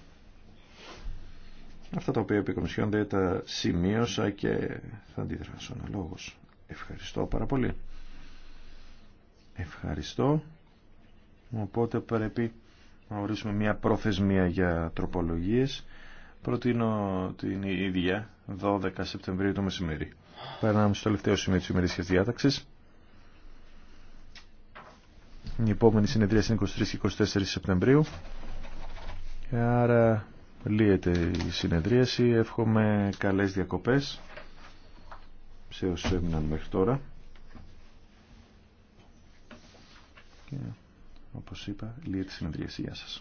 Αυτά τα οποία επικομισιόνται τα σημείωσα και θα αντιδράσω αναλόγως. Ευχαριστώ πάρα πολύ. Ευχαριστώ. Οπότε πρέπει να ορίσουμε μια προθεσμία για τροπολογίες. Προτείνω την ίδια 12 Σεπτεμβρίου το μεσημέρι. Περνάμε στο τελευταίο σημείο της ημερήσιας διάταξης. Η επόμενη συνεδρία είναι 23 και 24 Σεπτεμβρίου. Άρα λύεται η συνεδρίαση. Εύχομαι καλές διακοπές σε όσους έμειναν μέχρι τώρα. Και, όπως είπα, λύεται η συνεδρίαση. Γεια σας.